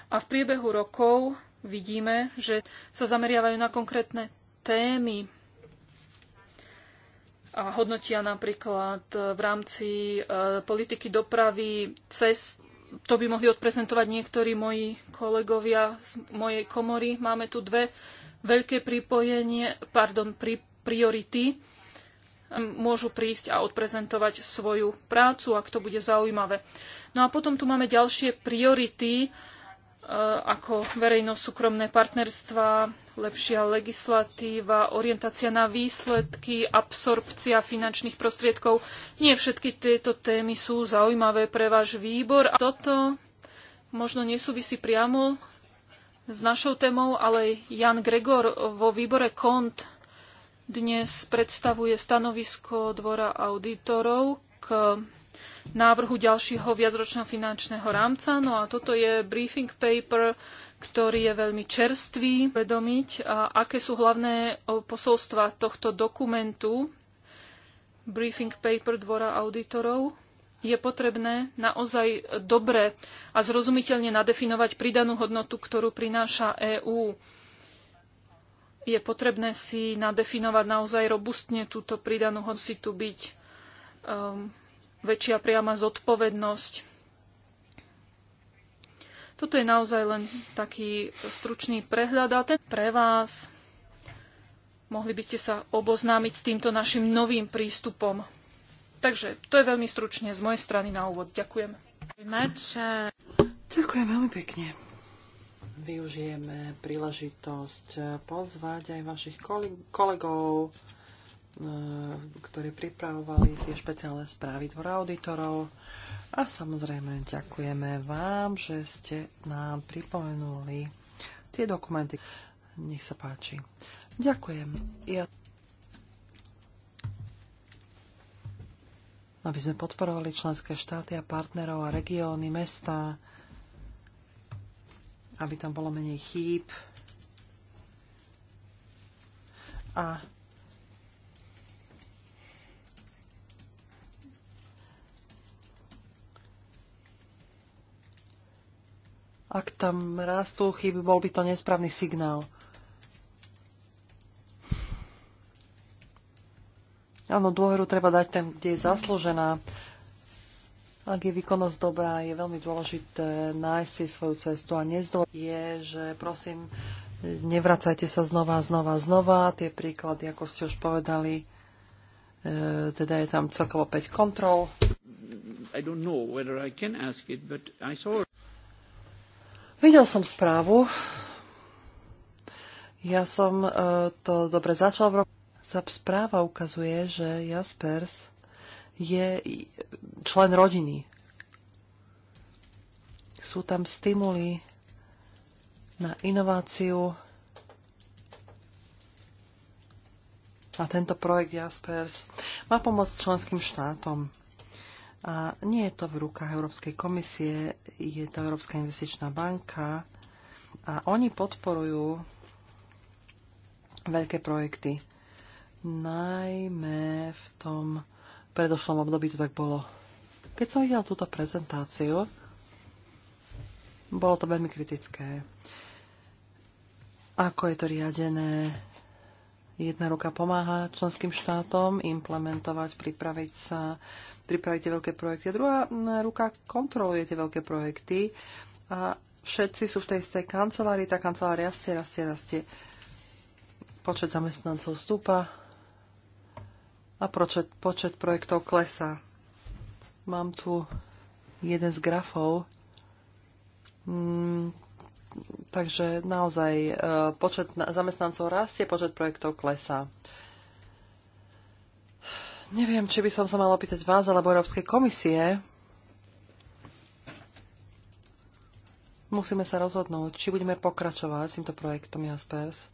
A v priebehu rokov vidíme, že sa zameriavajú na konkrétne témy a hodnotia napríklad e, v rámci e, politiky dopravy cest. To by mohli odprezentovať niektorí moji kolegovia z mojej komory. Máme tu dve veľké pripojenie, pardon, pri, priority. Môžu prísť a odprezentovať svoju prácu, ak to bude zaujímavé. No a potom tu máme ďalšie priority, Eh, ako verejno-súkromné partnerstva, lepšia legislatíva, orientácia na výsledky, absorpcia finančných prostriedkov. Nie všetky tieto témy sú zaujímavé pre váš výbor. A toto možno nesúvisí priamo s našou témou, ale Jan Gregor vo výbore KONT dnes predstavuje stanovisko Dvora auditorov k návrhu ďalšieho viacročného finančného rámca. No a toto je briefing paper, ktorý je veľmi čerstvý. Vedomiť, aké sú hlavné posolstva tohto dokumentu, briefing paper Dvora auditorov, je potrebné naozaj dobre a zrozumiteľne nadefinovať pridanú hodnotu, ktorú prináša EÚ je potrebné si nadefinovať naozaj robustne túto pridanú hodnotu, tu byť um, väčšia priama zodpovednosť. Toto je naozaj len taký stručný prehľad a ten pre vás. Mohli by ste sa oboznámiť s týmto našim novým prístupom. Takže to je veľmi stručne z mojej strany na úvod. Ďakujem. Ďakujem veľmi pekne. Využijeme príležitosť eh, pozvať aj vašich kolegov E, ktorí pripravovali tie špeciálne správy dvora auditorov. A samozrejme ďakujeme vám, že ste nám pripomenuli tie dokumenty. Nech sa páči. Ďakujem. Ja... Aby sme podporovali členské štáty a partnerov a regióny, mesta, aby tam bolo menej chýb. A Ak tam rastú chyby, bol by to nesprávny signál. Áno, dôveru treba dať tam, kde je zaslúžená. Ak je výkonnosť dobrá, je veľmi dôležité nájsť si svoju cestu a nezdôvodí je, že prosím, nevracajte sa znova, znova, znova. Tie príklady, ako ste už povedali, e, teda je tam celkovo 5 kontrol. It, saw... Videl som správu. Ja som e, to dobre začal v roku. Správa ukazuje, že Jaspers je člen rodiny. Sú tam stimuly na inováciu a tento projekt Jaspers má pomôcť členským štátom a nie je to v rukách Európskej komisie, je to Európska investičná banka a oni podporujú veľké projekty. Najmä v tom predošlom období to tak bolo. Keď som videl túto prezentáciu, bolo to veľmi kritické. Ako je to riadené? Jedna ruka pomáha členským štátom implementovať, pripraviť sa pripravíte veľké projekty. A druhá ruka kontroluje tie veľké projekty a všetci sú v tej istej kancelárii, tá kancelária rastie, rastie, rastie. Počet zamestnancov stúpa a počet, počet projektov klesá. Mám tu jeden z grafov. Mm, takže naozaj e, počet zamestnancov rastie, počet projektov klesá. Neviem, či by som sa mala opýtať vás alebo Európskej komisie. Musíme sa rozhodnúť, či budeme pokračovať s týmto projektom Jaspers.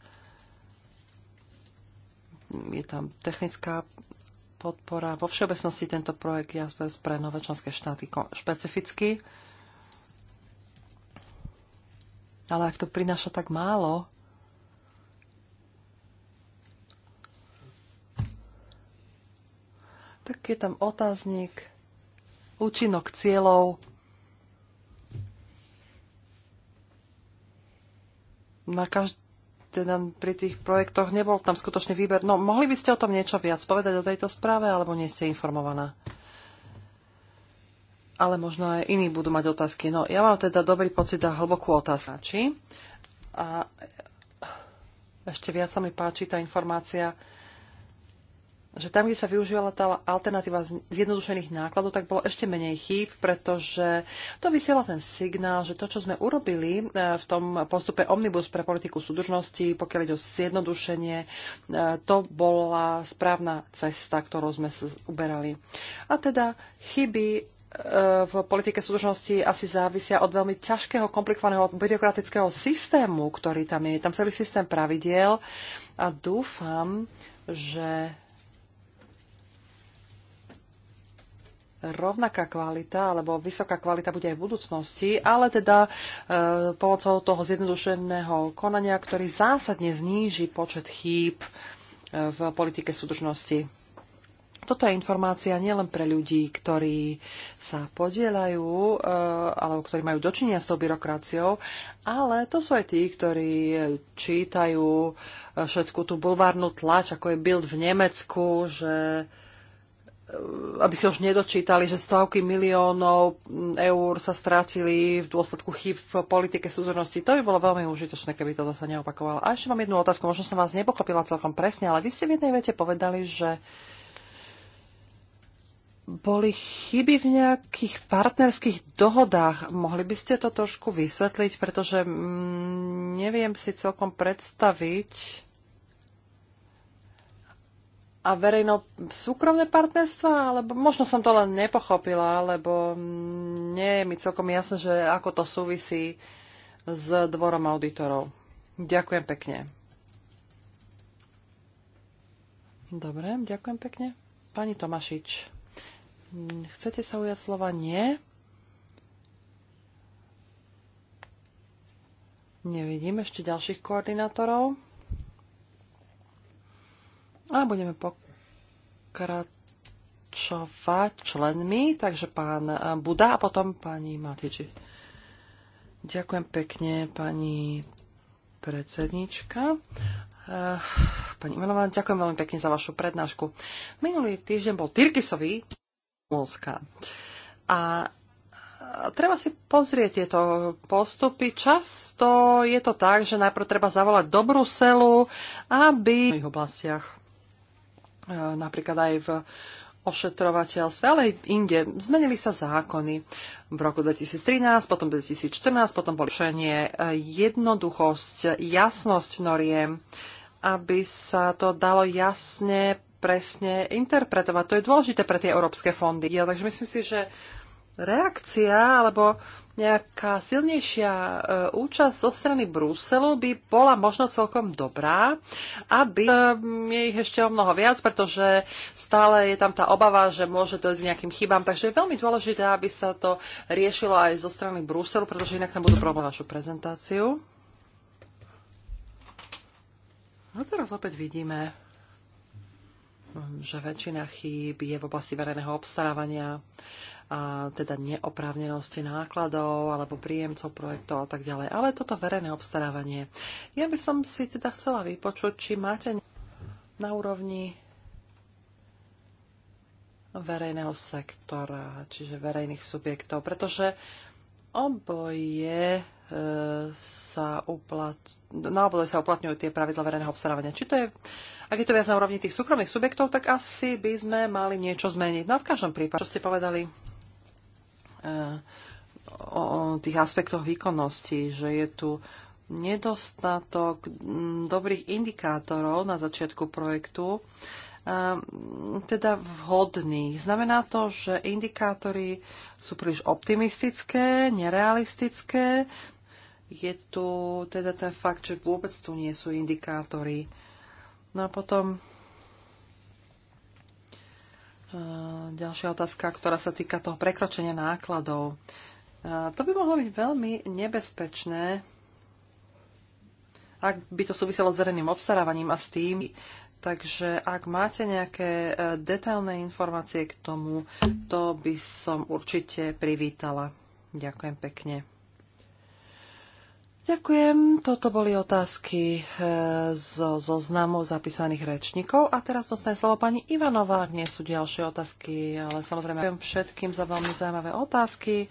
Je tam technická podpora. Vo všeobecnosti tento projekt Jaspers pre nové členské štáty špecificky. Ale ak to prináša tak málo, je tam otáznik, účinok cieľov, na každý teda pri tých projektoch nebol tam skutočný výber. No, mohli by ste o tom niečo viac povedať o tejto správe, alebo nie ste informovaná? Ale možno aj iní budú mať otázky. No, ja mám teda dobrý pocit a hlbokú otázku. A ešte viac sa mi páči tá informácia, že tam, kde sa využívala tá alternatíva zjednodušených nákladov, tak bolo ešte menej chýb, pretože to vysiela ten signál, že to, čo sme urobili e, v tom postupe Omnibus pre politiku súdržnosti, pokiaľ ide o zjednodušenie, e, to bola správna cesta, ktorú sme uberali. A teda chyby e, v politike súdržnosti asi závisia od veľmi ťažkého, komplikovaného byrokratického systému, ktorý tam je. Tam celý systém pravidiel a dúfam, že rovnaká kvalita alebo vysoká kvalita bude aj v budúcnosti, ale teda e, pomocou toho zjednodušeného konania, ktorý zásadne zníži počet chýb e, v politike súdržnosti. Toto je informácia nielen pre ľudí, ktorí sa podielajú e, alebo ktorí majú dočinia s tou byrokraciou, ale to sú aj tí, ktorí čítajú e, všetku tú bulvárnu tlač, ako je Bild v Nemecku, že aby si už nedočítali, že stovky miliónov eur sa strátili v dôsledku chyb v politike súdržnosti. To by bolo veľmi užitočné, keby toto sa neopakovalo. A ešte mám jednu otázku, možno som vás nepochopila celkom presne, ale vy ste v jednej vete povedali, že boli chyby v nejakých partnerských dohodách. Mohli by ste to trošku vysvetliť, pretože mm, neviem si celkom predstaviť, a verejno-súkromné partnerstva? Alebo možno som to len nepochopila, lebo nie je mi celkom jasné, že ako to súvisí s dvorom auditorov. Ďakujem pekne. Dobre, ďakujem pekne. Pani Tomašič, chcete sa ujať slova? Nie. Nevidím ešte ďalších koordinátorov. A budeme pokračovať členmi, takže pán Buda a potom pani Matiči. Ďakujem pekne, pani predsednička. Eh, pani Imanová, ďakujem veľmi pekne za vašu prednášku. Minulý týždeň bol Tyrkisový Múlska. A treba si pozrieť tieto postupy. Často je to tak, že najprv treba zavolať do Bruselu, aby v oblastiach E, napríklad aj v ošetrovateľstve, ale aj inde. Zmenili sa zákony v roku 2013, potom 2014, potom porušenie e, jednoduchosť, jasnosť noriem, aby sa to dalo jasne, presne interpretovať. To je dôležité pre tie európske fondy. Ja, takže myslím si, že reakcia alebo nejaká silnejšia e, účasť zo strany Bruselu by bola možno celkom dobrá, aby e, je ich ešte o mnoho viac, pretože stále je tam tá obava, že môže dojsť k nejakým chybám. Takže je veľmi dôležité, aby sa to riešilo aj zo strany Bruselu, pretože inak tam budú problémy vašu prezentáciu. A teraz opäť vidíme, že väčšina chýb je v oblasti verejného obstarávania a teda neoprávnenosti nákladov alebo príjemcov projektov a tak ďalej. Ale toto verejné obstarávanie. Ja by som si teda chcela vypočuť, či máte na úrovni verejného sektora, čiže verejných subjektov, pretože oboje e, sa uplat... na no, oboje sa uplatňujú tie pravidla verejného obstarávania. Či to je, ak je to viac na úrovni tých súkromných subjektov, tak asi by sme mali niečo zmeniť. No a v každom prípade, čo ste povedali, o tých aspektoch výkonnosti, že je tu nedostatok mm, dobrých indikátorov na začiatku projektu, e, teda vhodných. Znamená to, že indikátory sú príliš optimistické, nerealistické. Je tu teda ten fakt, že vôbec tu nie sú indikátory. No a potom E, ďalšia otázka, ktorá sa týka toho prekročenia nákladov. E, to by mohlo byť veľmi nebezpečné, ak by to súviselo s verejným obstarávaním a s tým. Takže ak máte nejaké e, detailné informácie k tomu, to by som určite privítala. Ďakujem pekne. Ďakujem. Toto boli otázky e, zo zoznamu zapísaných rečníkov. A teraz dostane slovo pani Ivanová. Dnes sú ďalšie otázky, ale samozrejme ďakujem všetkým za veľmi zaujímavé otázky.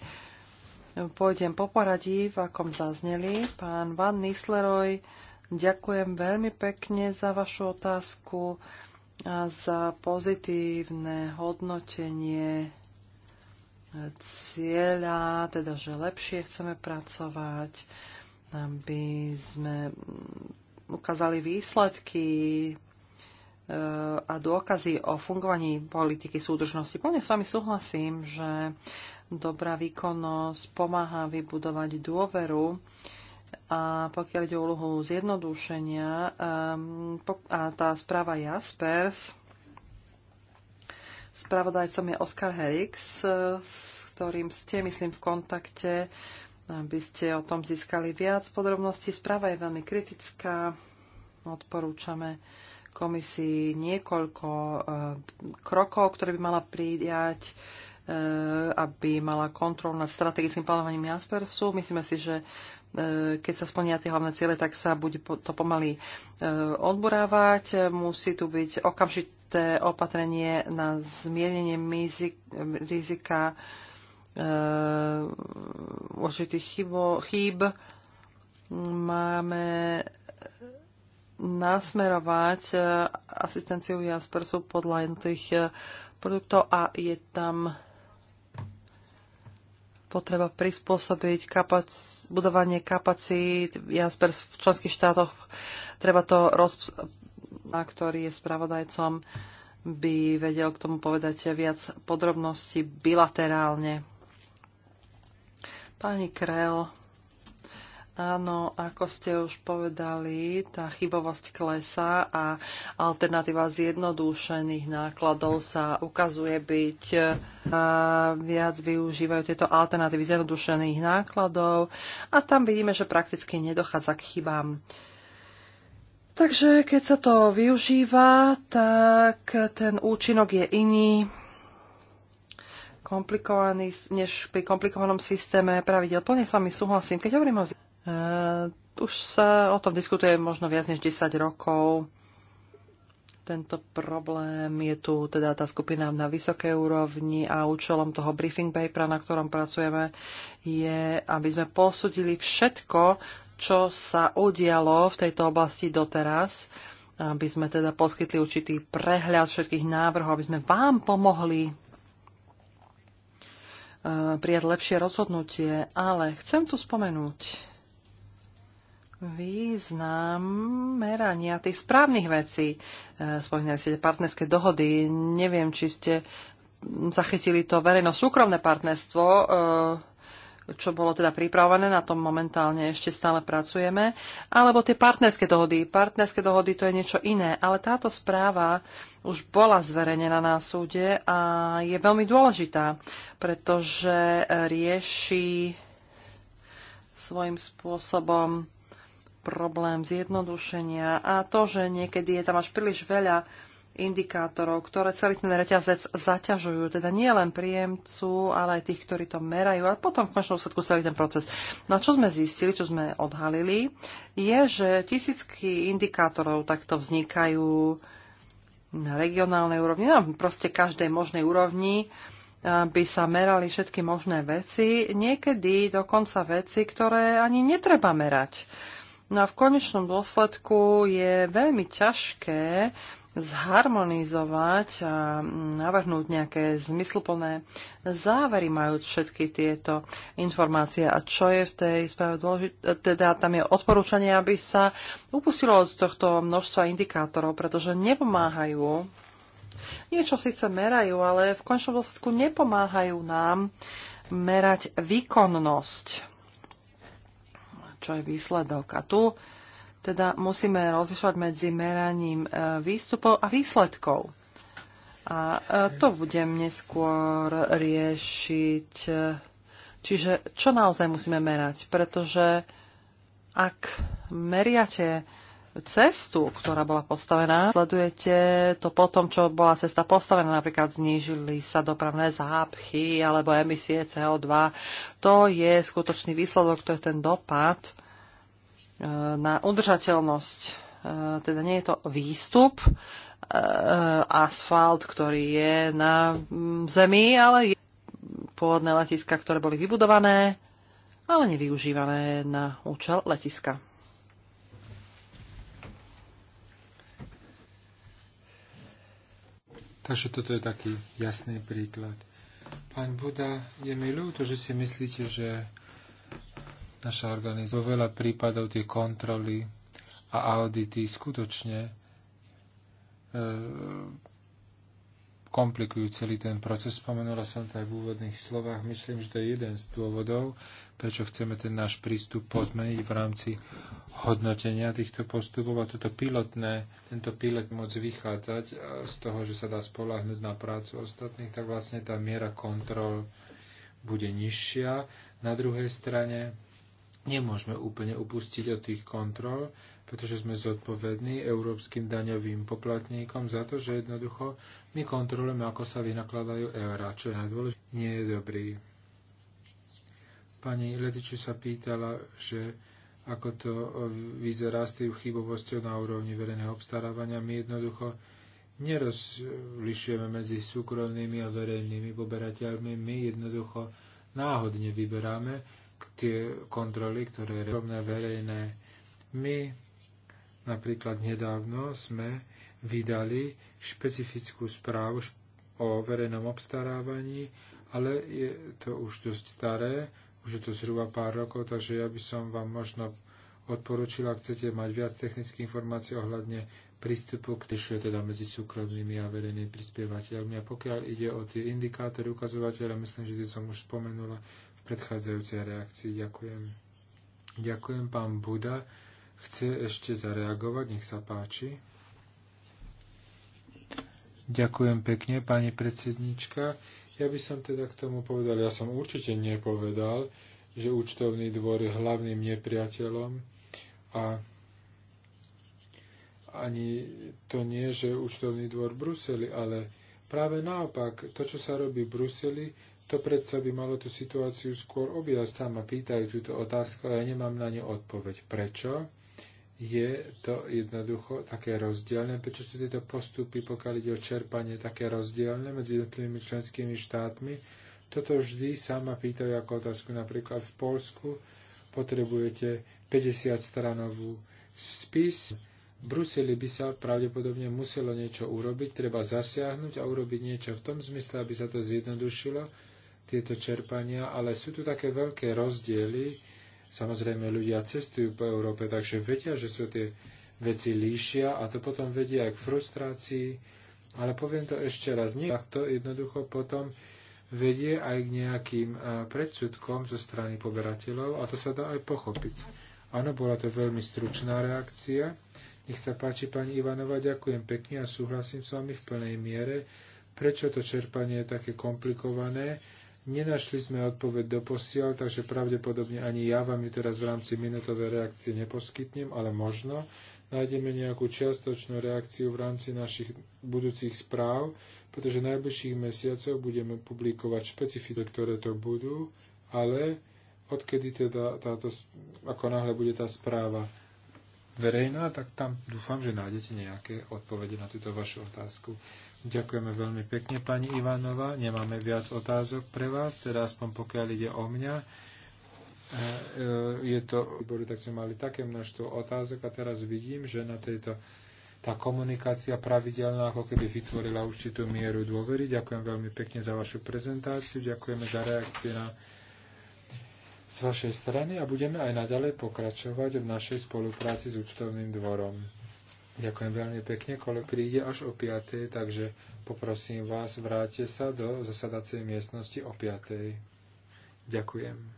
Pôjdem po poradí, v akom zazneli. Pán Van Nisleroj, ďakujem veľmi pekne za vašu otázku a za pozitívne hodnotenie cieľa, teda že lepšie chceme pracovať aby sme mm, ukázali výsledky e, a dôkazy o fungovaní politiky súdržnosti. Plne s vami súhlasím, že dobrá výkonnosť pomáha vybudovať dôveru a pokiaľ ide o úlohu zjednodušenia e, a tá správa Jaspers, spravodajcom je Oskar Herix, e, s ktorým ste, myslím, v kontakte, aby ste o tom získali viac podrobností. Správa je veľmi kritická. Odporúčame komisii niekoľko eh, krokov, ktoré by mala prijať, eh, aby mala kontrolu nad strategickým plánovaním Jaspersu. Myslíme si, že eh, keď sa splnia tie hlavné ciele, tak sa bude to pomaly odburávať. Musí tu byť okamžité opatrenie na zmiernenie rizika Eh, určitých chybo, chýb. Máme nasmerovať eh, asistenciu Jaspersu podľa jednotých eh, produktov a je tam potreba prispôsobiť kapac- budovanie kapacít Jaspers v členských štátoch. Treba to roz... na ktorý je spravodajcom by vedel k tomu povedať viac podrobností bilaterálne. Pani Krel, áno, ako ste už povedali, tá chybovosť klesa a alternatíva zjednodušených nákladov sa ukazuje byť a viac využívajú tieto alternatívy zjednodušených nákladov a tam vidíme, že prakticky nedochádza k chybám. Takže keď sa to využíva, tak ten účinok je iný komplikovaný, než pri komplikovanom systéme pravidel. Plne s vami súhlasím. Keď hovorím o... Uh, už sa o tom diskutuje možno viac než 10 rokov. Tento problém je tu teda tá skupina na vysokej úrovni a účelom toho briefing papera, na ktorom pracujeme, je, aby sme posudili všetko, čo sa udialo v tejto oblasti doteraz, aby sme teda poskytli určitý prehľad všetkých návrhov, aby sme vám pomohli Eh, prijať lepšie rozhodnutie, ale chcem tu spomenúť význam merania tých správnych vecí. Eh, spomínali ste partnerské dohody. Neviem, či ste hm, zachytili to verejno-súkromné partnerstvo eh, čo bolo teda pripravené, na tom momentálne ešte stále pracujeme, alebo tie partnerské dohody. Partnerské dohody to je niečo iné, ale táto správa už bola zverejnená na súde a je veľmi dôležitá, pretože rieši svojim spôsobom problém zjednodušenia a to, že niekedy je tam až príliš veľa indikátorov, ktoré celý ten reťazec zaťažujú, teda nie len príjemcu, ale aj tých, ktorí to merajú a potom v končnom úsledku celý ten proces. No a čo sme zistili, čo sme odhalili, je, že tisícky indikátorov takto vznikajú na regionálnej úrovni, na no, proste každej možnej úrovni by sa merali všetky možné veci, niekedy dokonca veci, ktoré ani netreba merať. No a v konečnom dôsledku je veľmi ťažké zharmonizovať a navrhnúť nejaké zmysluplné závery majú všetky tieto informácie. A čo je v tej správe dôležité? Teda tam je odporúčanie, aby sa upustilo od tohto množstva indikátorov, pretože nepomáhajú. Niečo síce merajú, ale v končnom dôsledku nepomáhajú nám merať výkonnosť. Čo je výsledok? A tu teda musíme rozlišovať medzi meraním e, výstupov a výsledkov. A e, to budem neskôr riešiť. Čiže čo naozaj musíme merať? Pretože ak meriate cestu, ktorá bola postavená, sledujete to po čo bola cesta postavená, napríklad znížili sa dopravné zápchy alebo emisie CO2, to je skutočný výsledok, to je ten dopad Eh, na udržateľnosť. Eh, teda nie je to výstup, eh, asfalt, ktorý je na mm, zemi, ale je pôvodné letiska, ktoré boli vybudované, ale nevyužívané na účel letiska. Takže toto je taký jasný príklad. Pán Buda, je mi ľúto, že si myslíte, že naša organizácia. Vo veľa prípadov tie kontroly a audity skutočne e, komplikujú celý ten proces. Spomenula som to aj v úvodných slovách. Myslím, že to je jeden z dôvodov, prečo chceme ten náš prístup pozmeniť v rámci hodnotenia týchto postupov a toto pilotné, tento pilot môcť vychádzať e, z toho, že sa dá spolahnuť na prácu ostatných, tak vlastne tá miera kontrol bude nižšia. Na druhej strane nemôžeme úplne upustiť od tých kontrol, pretože sme zodpovední európskym daňovým poplatníkom za to, že jednoducho my kontrolujeme, ako sa vynakladajú eurá, čo je najdôležitejšie, nie je dobrý. Pani Letiču sa pýtala, že ako to vyzerá s tým chybovosťou na úrovni verejného obstarávania. My jednoducho nerozlišujeme medzi súkromnými a verejnými poberateľmi. My jednoducho náhodne vyberáme tie kontroly, ktoré robné verejné. My napríklad nedávno sme vydali špecifickú správu o verejnom obstarávaní, ale je to už dosť staré, už je to zhruba pár rokov, takže ja by som vám možno odporúčila, ak chcete mať viac technických informácií ohľadne prístupu ktorý je teda medzi súkromnými a verejnými prispievateľmi. A pokiaľ ide o tie indikátory, ukazovateľe, myslím, že tie som už spomenula, predchádzajúcej reakcii. Ďakujem. Ďakujem, pán Buda. Chce ešte zareagovať, nech sa páči. Ďakujem pekne, pani predsednička. Ja by som teda k tomu povedal, ja som určite nepovedal, že účtovný dvor je hlavným nepriateľom a ani to nie, že účtovný dvor v Bruseli, ale práve naopak, to, čo sa robí v Bruseli, to predsa by malo tú situáciu skôr objasť. sama pýtajú túto otázku a ja nemám na ňu odpoveď. Prečo? Je to jednoducho také rozdielne? Prečo sú tieto postupy, pokiaľ ide o čerpanie, také rozdielne medzi jednotlivými členskými štátmi? Toto vždy sama pýtajú ako otázku. Napríklad v Polsku potrebujete 50 stranovú spis. V Bruseli by sa pravdepodobne muselo niečo urobiť, treba zasiahnuť a urobiť niečo v tom zmysle, aby sa to zjednodušilo tieto čerpania, ale sú tu také veľké rozdiely. Samozrejme, ľudia cestujú po Európe, takže vedia, že sú tie veci líšia a to potom vedia aj k frustrácii. Ale poviem to ešte raz, nie to jednoducho potom vedie aj k nejakým eh, predsudkom zo strany poberateľov a to sa dá aj pochopiť. Áno, bola to veľmi stručná reakcia. Nech sa páči, pani Ivanova, ďakujem pekne a súhlasím s vami v plnej miere. Prečo to čerpanie je také komplikované? Nenašli sme odpoveď do posiel, takže pravdepodobne ani ja vám ju teraz v rámci minutovej reakcie neposkytnem, ale možno nájdeme nejakú čiastočnú reakciu v rámci našich budúcich správ, pretože v najbližších mesiacoch budeme publikovať špecifické, ktoré to budú, ale odkedy teda táto, ako náhle bude tá správa verejná, tak tam dúfam, že nájdete nejaké odpovede na túto vašu otázku. Ďakujeme veľmi pekne, pani Ivanova. Nemáme viac otázok pre vás, teda aspoň pokiaľ ide o mňa. E, e, je to, boli, tak sme mali také množstvo otázok a teraz vidím, že na tejto tá komunikácia pravidelná ako keby vytvorila určitú mieru dôvery. Ďakujem veľmi pekne za vašu prezentáciu, ďakujeme za reakcie na z vašej strany a budeme aj naďalej pokračovať v našej spolupráci s účtovným dvorom. Ďakujem veľmi pekne. Kolek príde až o 5. Takže poprosím vás, vráte sa do zasadacej miestnosti o 5. Ďakujem.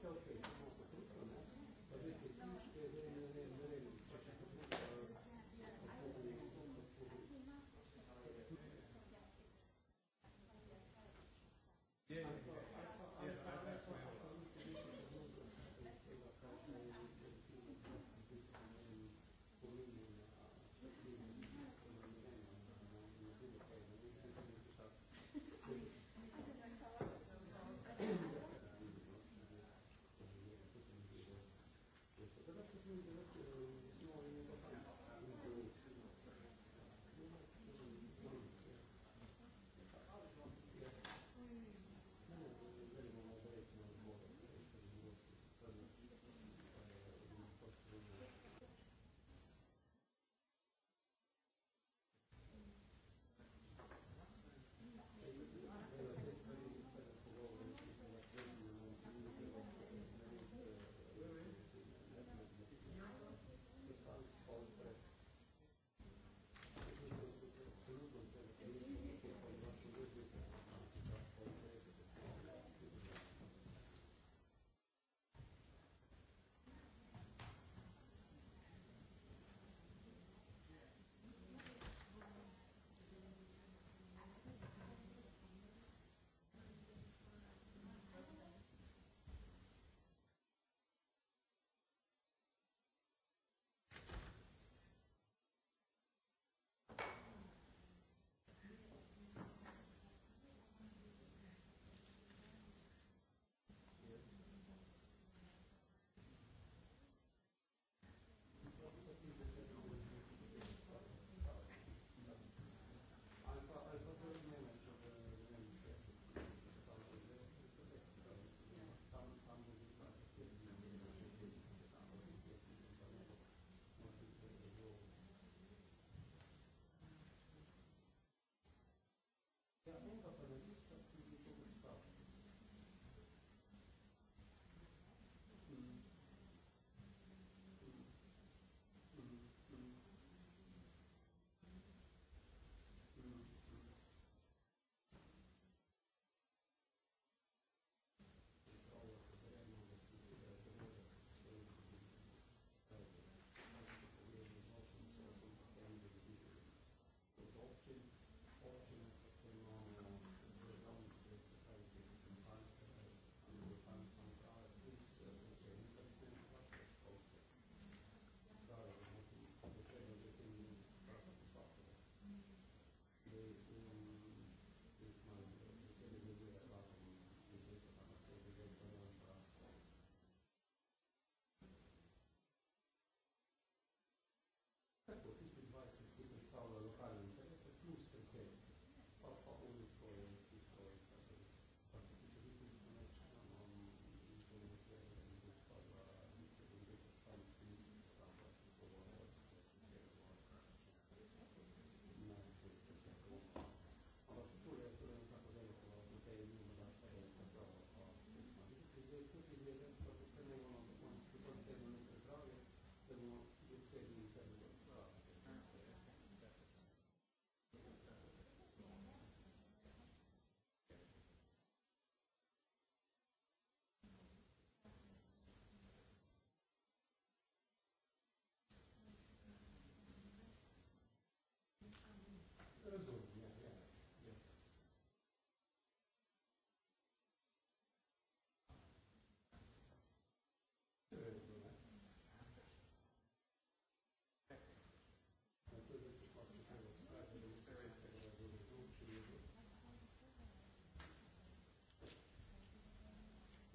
Thank you.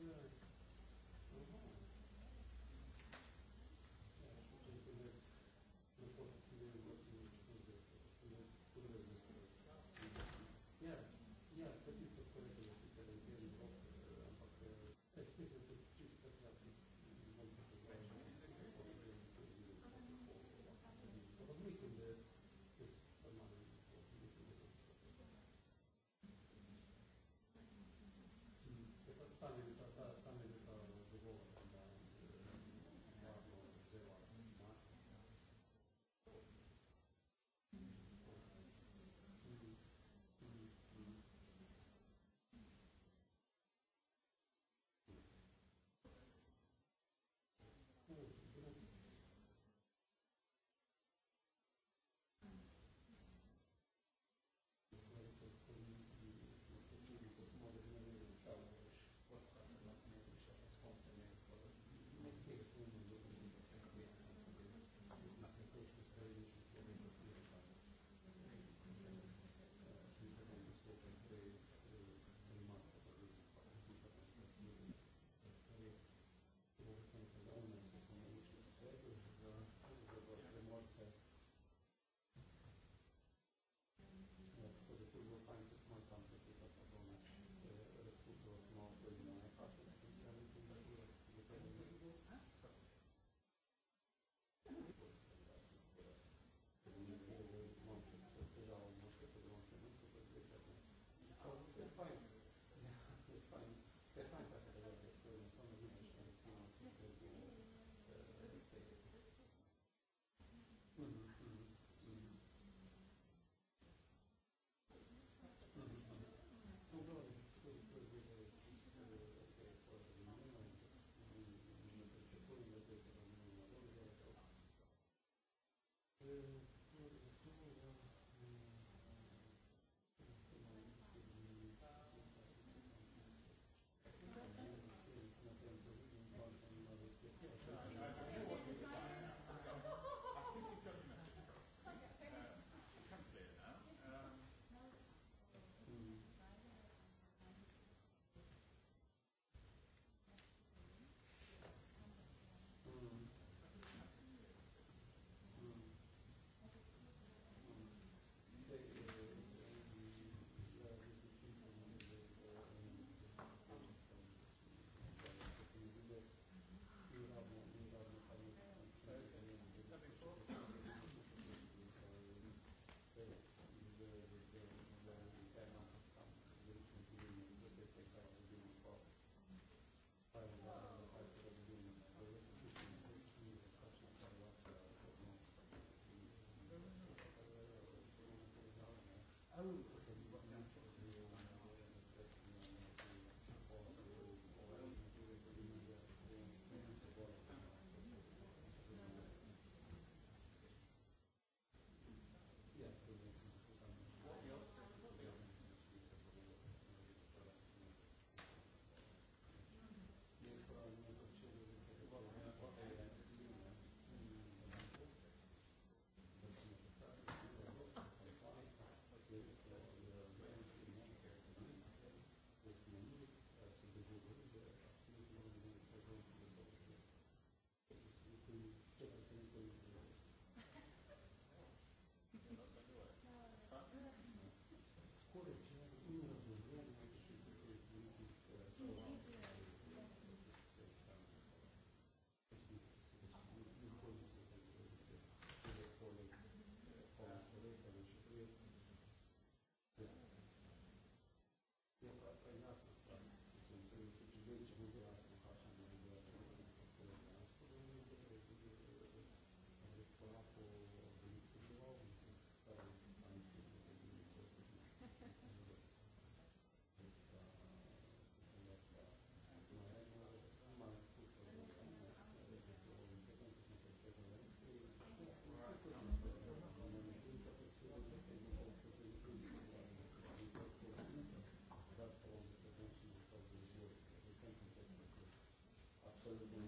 good. tam je, tam, tam je Thank you.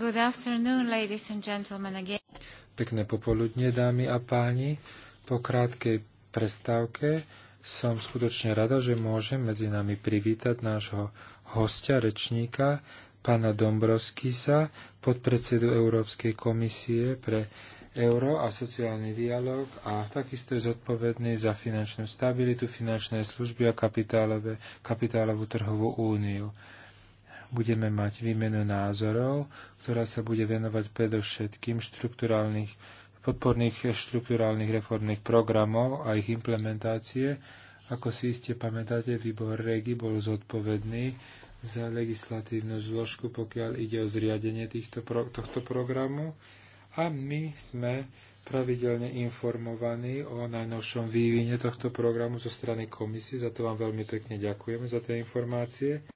Good afternoon, ladies and gentlemen, again. Pekné popoludne, dámy a páni. Po krátkej prestávke som skutočne rada, že môžem medzi nami privítať nášho hostia, rečníka, pána Dombrovskisa, podpredsedu Európskej komisie pre euro a sociálny dialog a takisto je zodpovedný za finančnú stabilitu, finančné služby a kapitálovú trhovú úniu budeme mať výmenu názorov, ktorá sa bude venovať predovšetkým štrukturálnych, podporných štrukturálnych reformných programov a ich implementácie. Ako si iste pamätáte, výbor REGI bol zodpovedný za legislatívnu zložku, pokiaľ ide o zriadenie týchto pro, tohto programu. A my sme pravidelne informovaní o najnovšom vývine tohto programu zo strany komisie. Za to vám veľmi pekne ďakujeme, za tie informácie.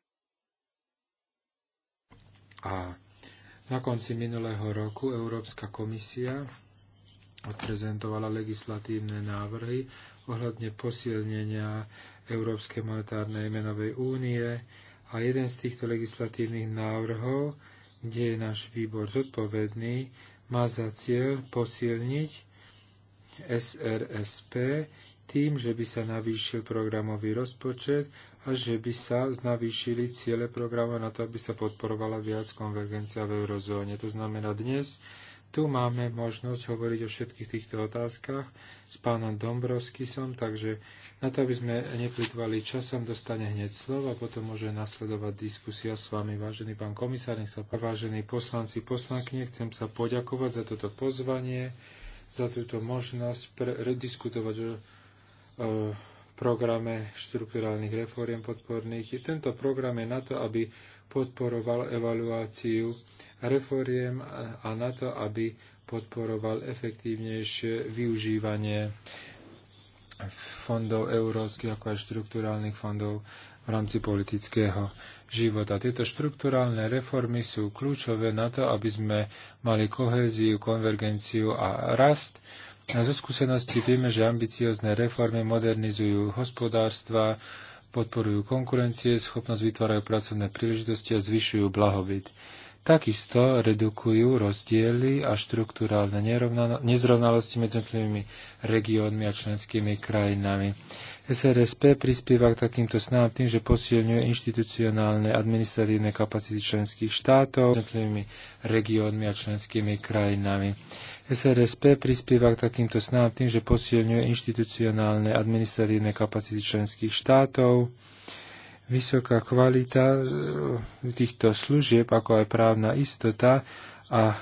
A na konci minulého roku Európska komisia odprezentovala legislatívne návrhy ohľadne posilnenia Európskej monetárnej menovej únie a jeden z týchto legislatívnych návrhov, kde je náš výbor zodpovedný, má za cieľ posilniť SRSP tým, že by sa navýšil programový rozpočet a že by sa navýšili ciele programu na to, aby sa podporovala viac konvergencia v eurozóne. To znamená, dnes tu máme možnosť hovoriť o všetkých týchto otázkach s pánom Dombrovskisom, takže na to, aby sme neplitvali časom, dostane hneď slovo a potom môže nasledovať diskusia s vami. Vážený pán komisár, nech sa vážení poslanci, poslankyne, chcem sa poďakovať za toto pozvanie, za túto možnosť pre, rediskutovať o, o programe štrukturálnych reforiem podporných. Tento program je na to, aby podporoval evaluáciu reforiem a na to, aby podporoval efektívnejšie využívanie fondov európskych ako aj štrukturálnych fondov v rámci politického života. Tieto štrukturálne reformy sú kľúčové na to, aby sme mali kohéziu, konvergenciu a rast a zo skúsenosti vieme, že ambiciozne reformy modernizujú hospodárstva, podporujú konkurencie, schopnosť vytvárajú pracovné príležitosti a zvyšujú blahobyt. Takisto redukujú rozdiely a štruktúrálne nezrovnalosti medzi jednotlivými regiónmi a členskými krajinami. SRSP prispieva k takýmto snám tým, že posilňuje inštitucionálne administratívne kapacity členských štátov, jednotlivými regiónmi a členskými krajinami. SRSP prispieva k takýmto snám tým, že posilňuje inštitucionálne administratívne kapacity členských štátov, vysoká kvalita e, týchto služieb, ako aj právna istota a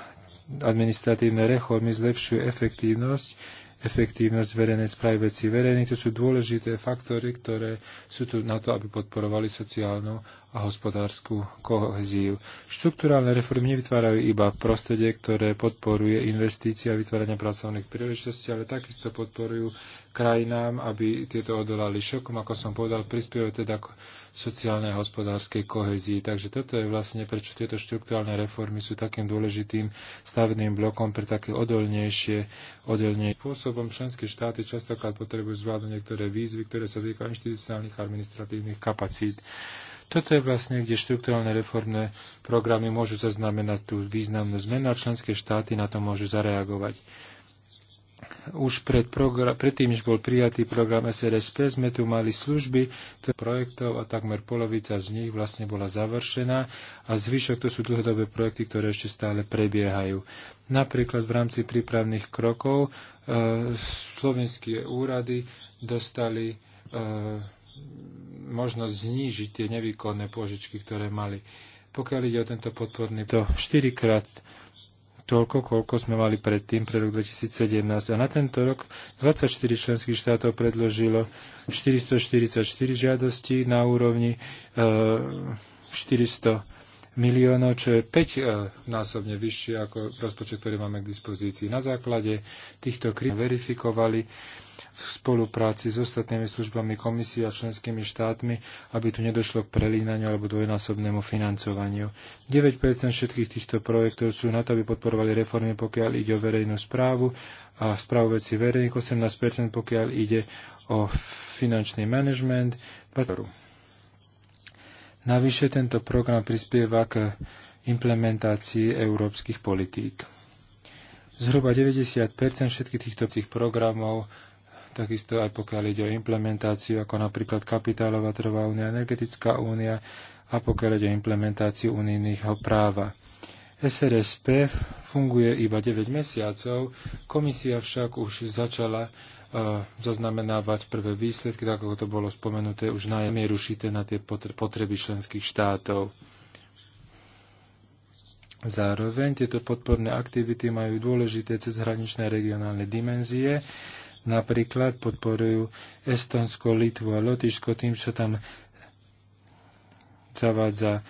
administratívne reformy zlepšujú efektívnosť efektívnosť verejnej správy veci verejných. To sú dôležité faktory, ktoré sú tu na to, aby podporovali sociálnu a hospodárskú koheziu. Štruktúrálne reformy nevytvárajú iba prostredie, ktoré podporuje investície a vytvárania pracovných príležitostí, ale takisto podporujú krajinám, aby tieto odolali šokom. Ako som povedal, prispievajú teda k sociálnej a hospodárskej kohezii. Takže toto je vlastne, prečo tieto štruktúrálne reformy sú takým dôležitým stavným blokom pre také odolnejšie, odolnejšie. Spôsobom členské štáty častokrát potrebujú zvládnuť niektoré výzvy, ktoré sa týkajú inštitucionálnych a administratívnych kapacít. Toto je vlastne, kde štruktúrálne reformné programy môžu zaznamenať tú významnú zmenu a členské štáty na to môžu zareagovať už pred program, predtým, než bol prijatý program SRSP, sme tu mali služby projektov a takmer polovica z nich vlastne bola završená a zvyšok to sú dlhodobé projekty, ktoré ešte stále prebiehajú. Napríklad v rámci prípravných krokov e, slovenské úrady dostali e, možnosť znížiť tie nevýkonné požičky, ktoré mali. Pokiaľ ide o tento podporný, to štyrikrát krát toľko, koľko sme mali predtým pre rok 2017. A na tento rok 24 členských štátov predložilo 444 žiadostí na úrovni e, eh, 400 miliónov, čo je 5 eh, násobne vyššie ako rozpočet, ktorý máme k dispozícii. Na základe týchto kritérií verifikovali v spolupráci s ostatnými službami komisie a členskými štátmi, aby tu nedošlo k prelínaniu alebo dvojnásobnému financovaniu. 9 všetkých týchto projektov sú na to, aby podporovali reformy, pokiaľ ide o verejnú správu a správu veci verejných, 18 pokiaľ ide o finančný manažment. Navyše tento program prispieva k implementácii európskych politík. Zhruba 90 všetkých týchto programov takisto aj pokiaľ ide o implementáciu, ako napríklad kapitálová trvá únia, energetická únia a pokiaľ ide o implementáciu unijného práva. SRSP funguje iba 9 mesiacov, komisia však už začala e, zaznamenávať prvé výsledky, tak ako to bolo spomenuté, už najmä rušité na tie potreby členských štátov. Zároveň tieto podporné aktivity majú dôležité cezhraničné regionálne dimenzie Napríklad podporujú Estonsko, Litvu a Lotyšsko tým, čo tam zavádza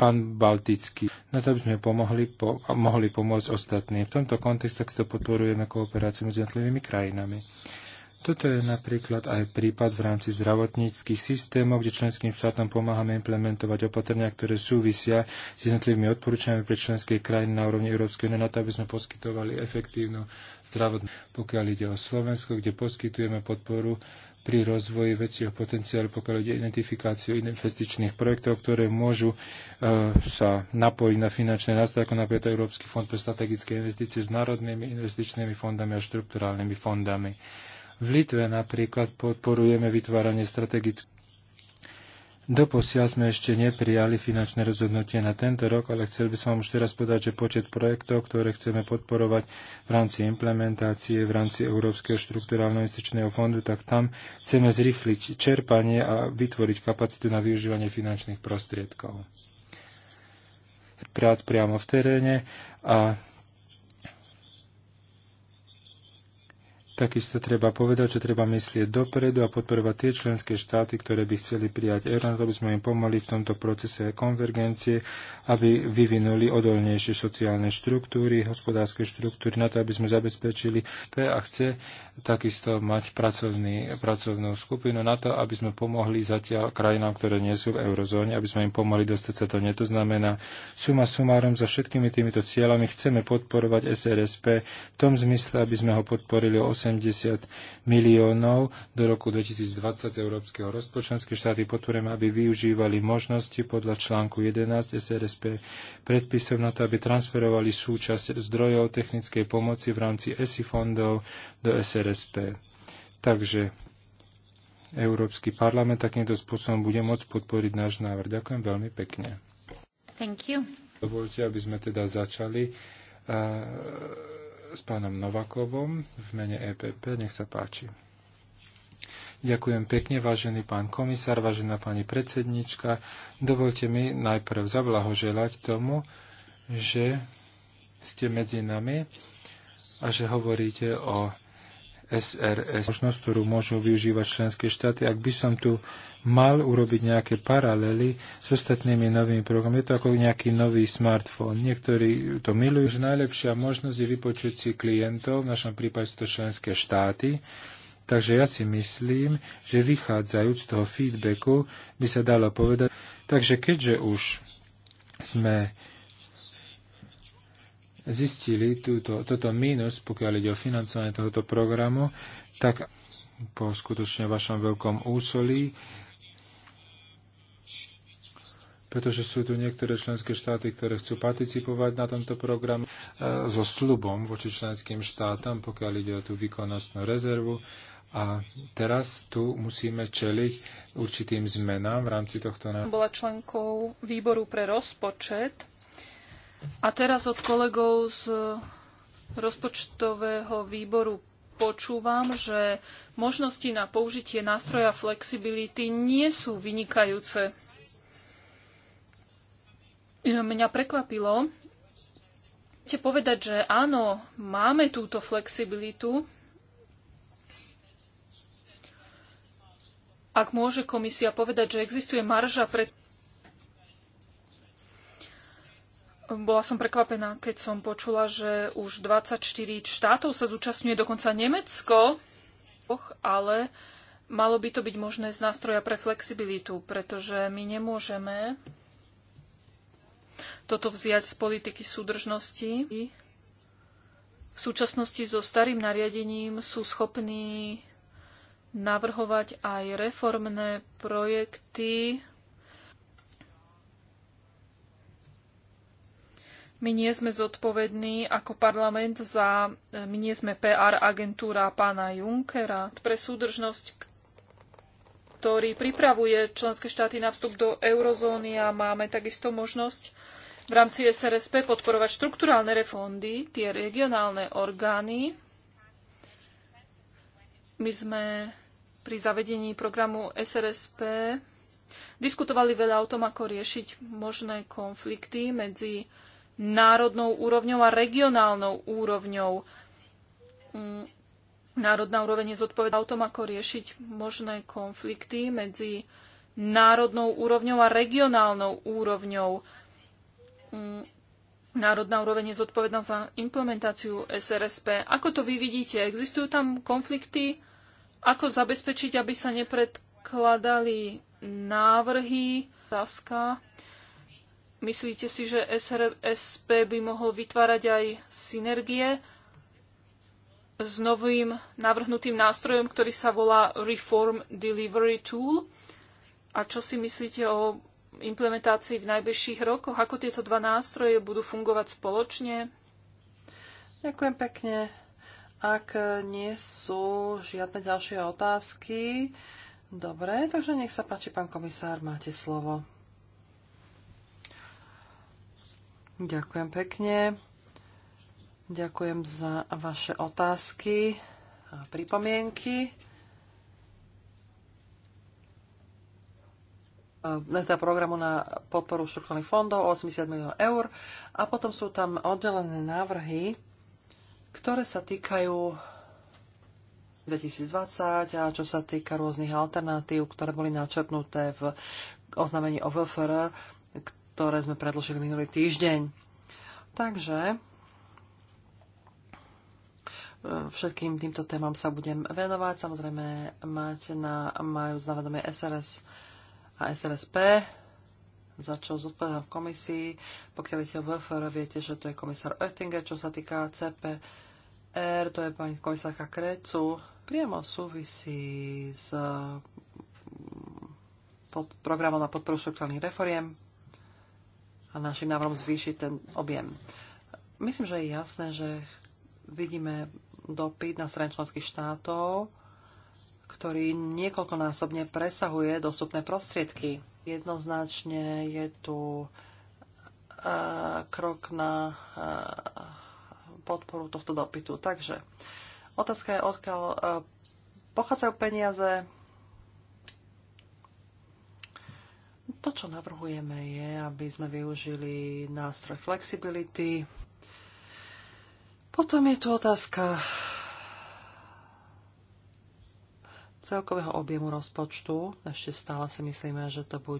panbaltický. Na to by sme pomohli, po, mohli pomôcť ostatným. V tomto kontexte to podporujeme kooperáciu medzi jednotlivými krajinami. Toto je napríklad aj prípad v rámci zdravotníckých systémov, kde členským štátom pomáhame implementovať opatrenia, ktoré súvisia s jednotlivými odporúčaniami pre členské krajiny na úrovni Európskej únie na to, aby sme poskytovali efektívnu zdravotné. Pokiaľ ide o Slovensko, kde poskytujeme podporu pri rozvoji väčšieho potenciálu, pokiaľ ide identifikáciu investičných projektov, ktoré môžu e, sa napojiť na finančné nástroje, ako napríklad Európsky fond pre strategické investície s národnými investičnými fondami a štrukturálnymi fondami. V Litve napríklad podporujeme vytváranie strategických Doposiaľ sme ešte neprijali finančné rozhodnutie na tento rok, ale chcel by som vám už teraz povedať, že počet projektov, ktoré chceme podporovať v rámci implementácie, v rámci Európskeho štruktúrálneho investičného fondu, tak tam chceme zrýchliť čerpanie a vytvoriť kapacitu na využívanie finančných prostriedkov. Prác priamo v teréne a Takisto treba povedať, že treba myslieť dopredu a podporovať tie členské štáty, ktoré by chceli prijať euro, aby sme im pomohli v tomto procese konvergencie, aby vyvinuli odolnejšie sociálne štruktúry, hospodárske štruktúry, na to, aby sme zabezpečili P a chce takisto mať pracovný, pracovnú skupinu na to, aby sme pomohli zatiaľ krajinám, ktoré nie sú v eurozóne, aby sme im pomohli dostať sa to. Nie. To znamená, suma sumárom za všetkými týmito cieľami chceme podporovať SRSP v tom zmysle, aby sme ho podporili o 8 80 miliónov do roku 2020 z európskeho rozpočtu. štáty podporujem, aby využívali možnosti podľa článku 11 SRSP predpisov na to, aby transferovali súčasť zdrojov technickej pomoci v rámci ESI fondov do SRSP. Takže Európsky parlament takýmto spôsobom bude môcť podporiť náš návrh. Ďakujem veľmi pekne. Thank you. Dovolte, aby sme teda začali. Uh, s pánom Novakovom v mene EPP. Nech sa páči. Ďakujem pekne, vážený pán komisár, vážená pani predsednička. Dovolte mi najprv zablahoželať tomu, že ste medzi nami a že hovoríte o SRS, možnosť, ktorú môžu využívať členské štáty. Ak by som tu mal urobiť nejaké paralely s ostatnými novými programmi, je to ako nejaký nový smartfón. Niektorí to milujú, že najlepšia možnosť je vypočuť si klientov, v našom prípade sú to členské štáty, Takže ja si myslím, že vychádzajúc z toho feedbacku by sa dalo povedať, takže keďže už sme zistili túto, toto mínus, pokiaľ ide o financovanie tohoto programu, tak po skutočne vašom veľkom úsolí, pretože sú tu niektoré členské štáty, ktoré chcú participovať na tomto programe so slubom voči členským štátom, pokiaľ ide o tú výkonnostnú rezervu. A teraz tu musíme čeliť určitým zmenám v rámci tohto... Bola členkou výboru pre rozpočet a teraz od kolegov z rozpočtového výboru počúvam, že možnosti na použitie nástroja flexibility nie sú vynikajúce. Mňa prekvapilo, chcete povedať, že áno, máme túto flexibilitu, ak môže komisia povedať, že existuje marža pre Bola som prekvapená, keď som počula, že už 24 štátov sa zúčastňuje, dokonca Nemecko, ale malo by to byť možné z nástroja pre flexibilitu, pretože my nemôžeme toto vziať z politiky súdržnosti. V súčasnosti so starým nariadením sú schopní navrhovať aj reformné projekty, My nie sme zodpovední ako parlament za, e, my nie sme PR agentúra pána Junckera pre súdržnosť, ktorý pripravuje členské štáty na vstup do eurozóny a máme takisto možnosť v rámci SRSP podporovať štrukturálne refondy, tie regionálne orgány. My sme pri zavedení programu SRSP diskutovali veľa o tom, ako riešiť možné konflikty medzi národnou úrovňou a regionálnou úrovňou. Mm, Národná úroveň je zodpovedná o tom, ako riešiť možné konflikty medzi národnou úrovňou a regionálnou úrovňou. Mm, Národná úroveň je zodpovedná za implementáciu SRSP. Ako to vy vidíte? Existujú tam konflikty? Ako zabezpečiť, aby sa nepredkladali návrhy? Otázka. Myslíte si, že SRSP by mohol vytvárať aj synergie s novým navrhnutým nástrojom, ktorý sa volá Reform Delivery Tool? A čo si myslíte o implementácii v najbližších rokoch? Ako tieto dva nástroje budú fungovať spoločne? Ďakujem pekne. Ak nie sú žiadne ďalšie otázky, dobre, takže nech sa páči, pán komisár, máte slovo. Ďakujem pekne. Ďakujem za vaše otázky a pripomienky. E, teda programu na podporu štruktúrnych fondov 80 miliónov eur a potom sú tam oddelené návrhy, ktoré sa týkajú 2020 a čo sa týka rôznych alternatív, ktoré boli načrtnuté v oznámení o VFR ktoré sme predložili minulý týždeň. Takže e, všetkým týmto témam sa budem venovať. Samozrejme máte na, majú znavedomie SRS a SRSP, za čo zodpovedám v komisii. Pokiaľ viete o VFR, viete, že to je komisár Oettinger, čo sa týka CP. R, to je pani komisárka Krecu, priamo súvisí s mm, pod programom na podporu štruktúrnych reforiem a našim návrhom zvýšiť ten objem. Myslím, že je jasné, že vidíme dopyt na strane členských štátov, ktorý niekoľkonásobne presahuje dostupné prostriedky. Jednoznačne je tu e, krok na e, podporu tohto dopytu. Takže otázka je, odkiaľ e, pochádzajú peniaze, To, čo navrhujeme, je, aby sme využili nástroj flexibility. Potom je tu otázka celkového objemu rozpočtu. Ešte stále si myslíme, že to bude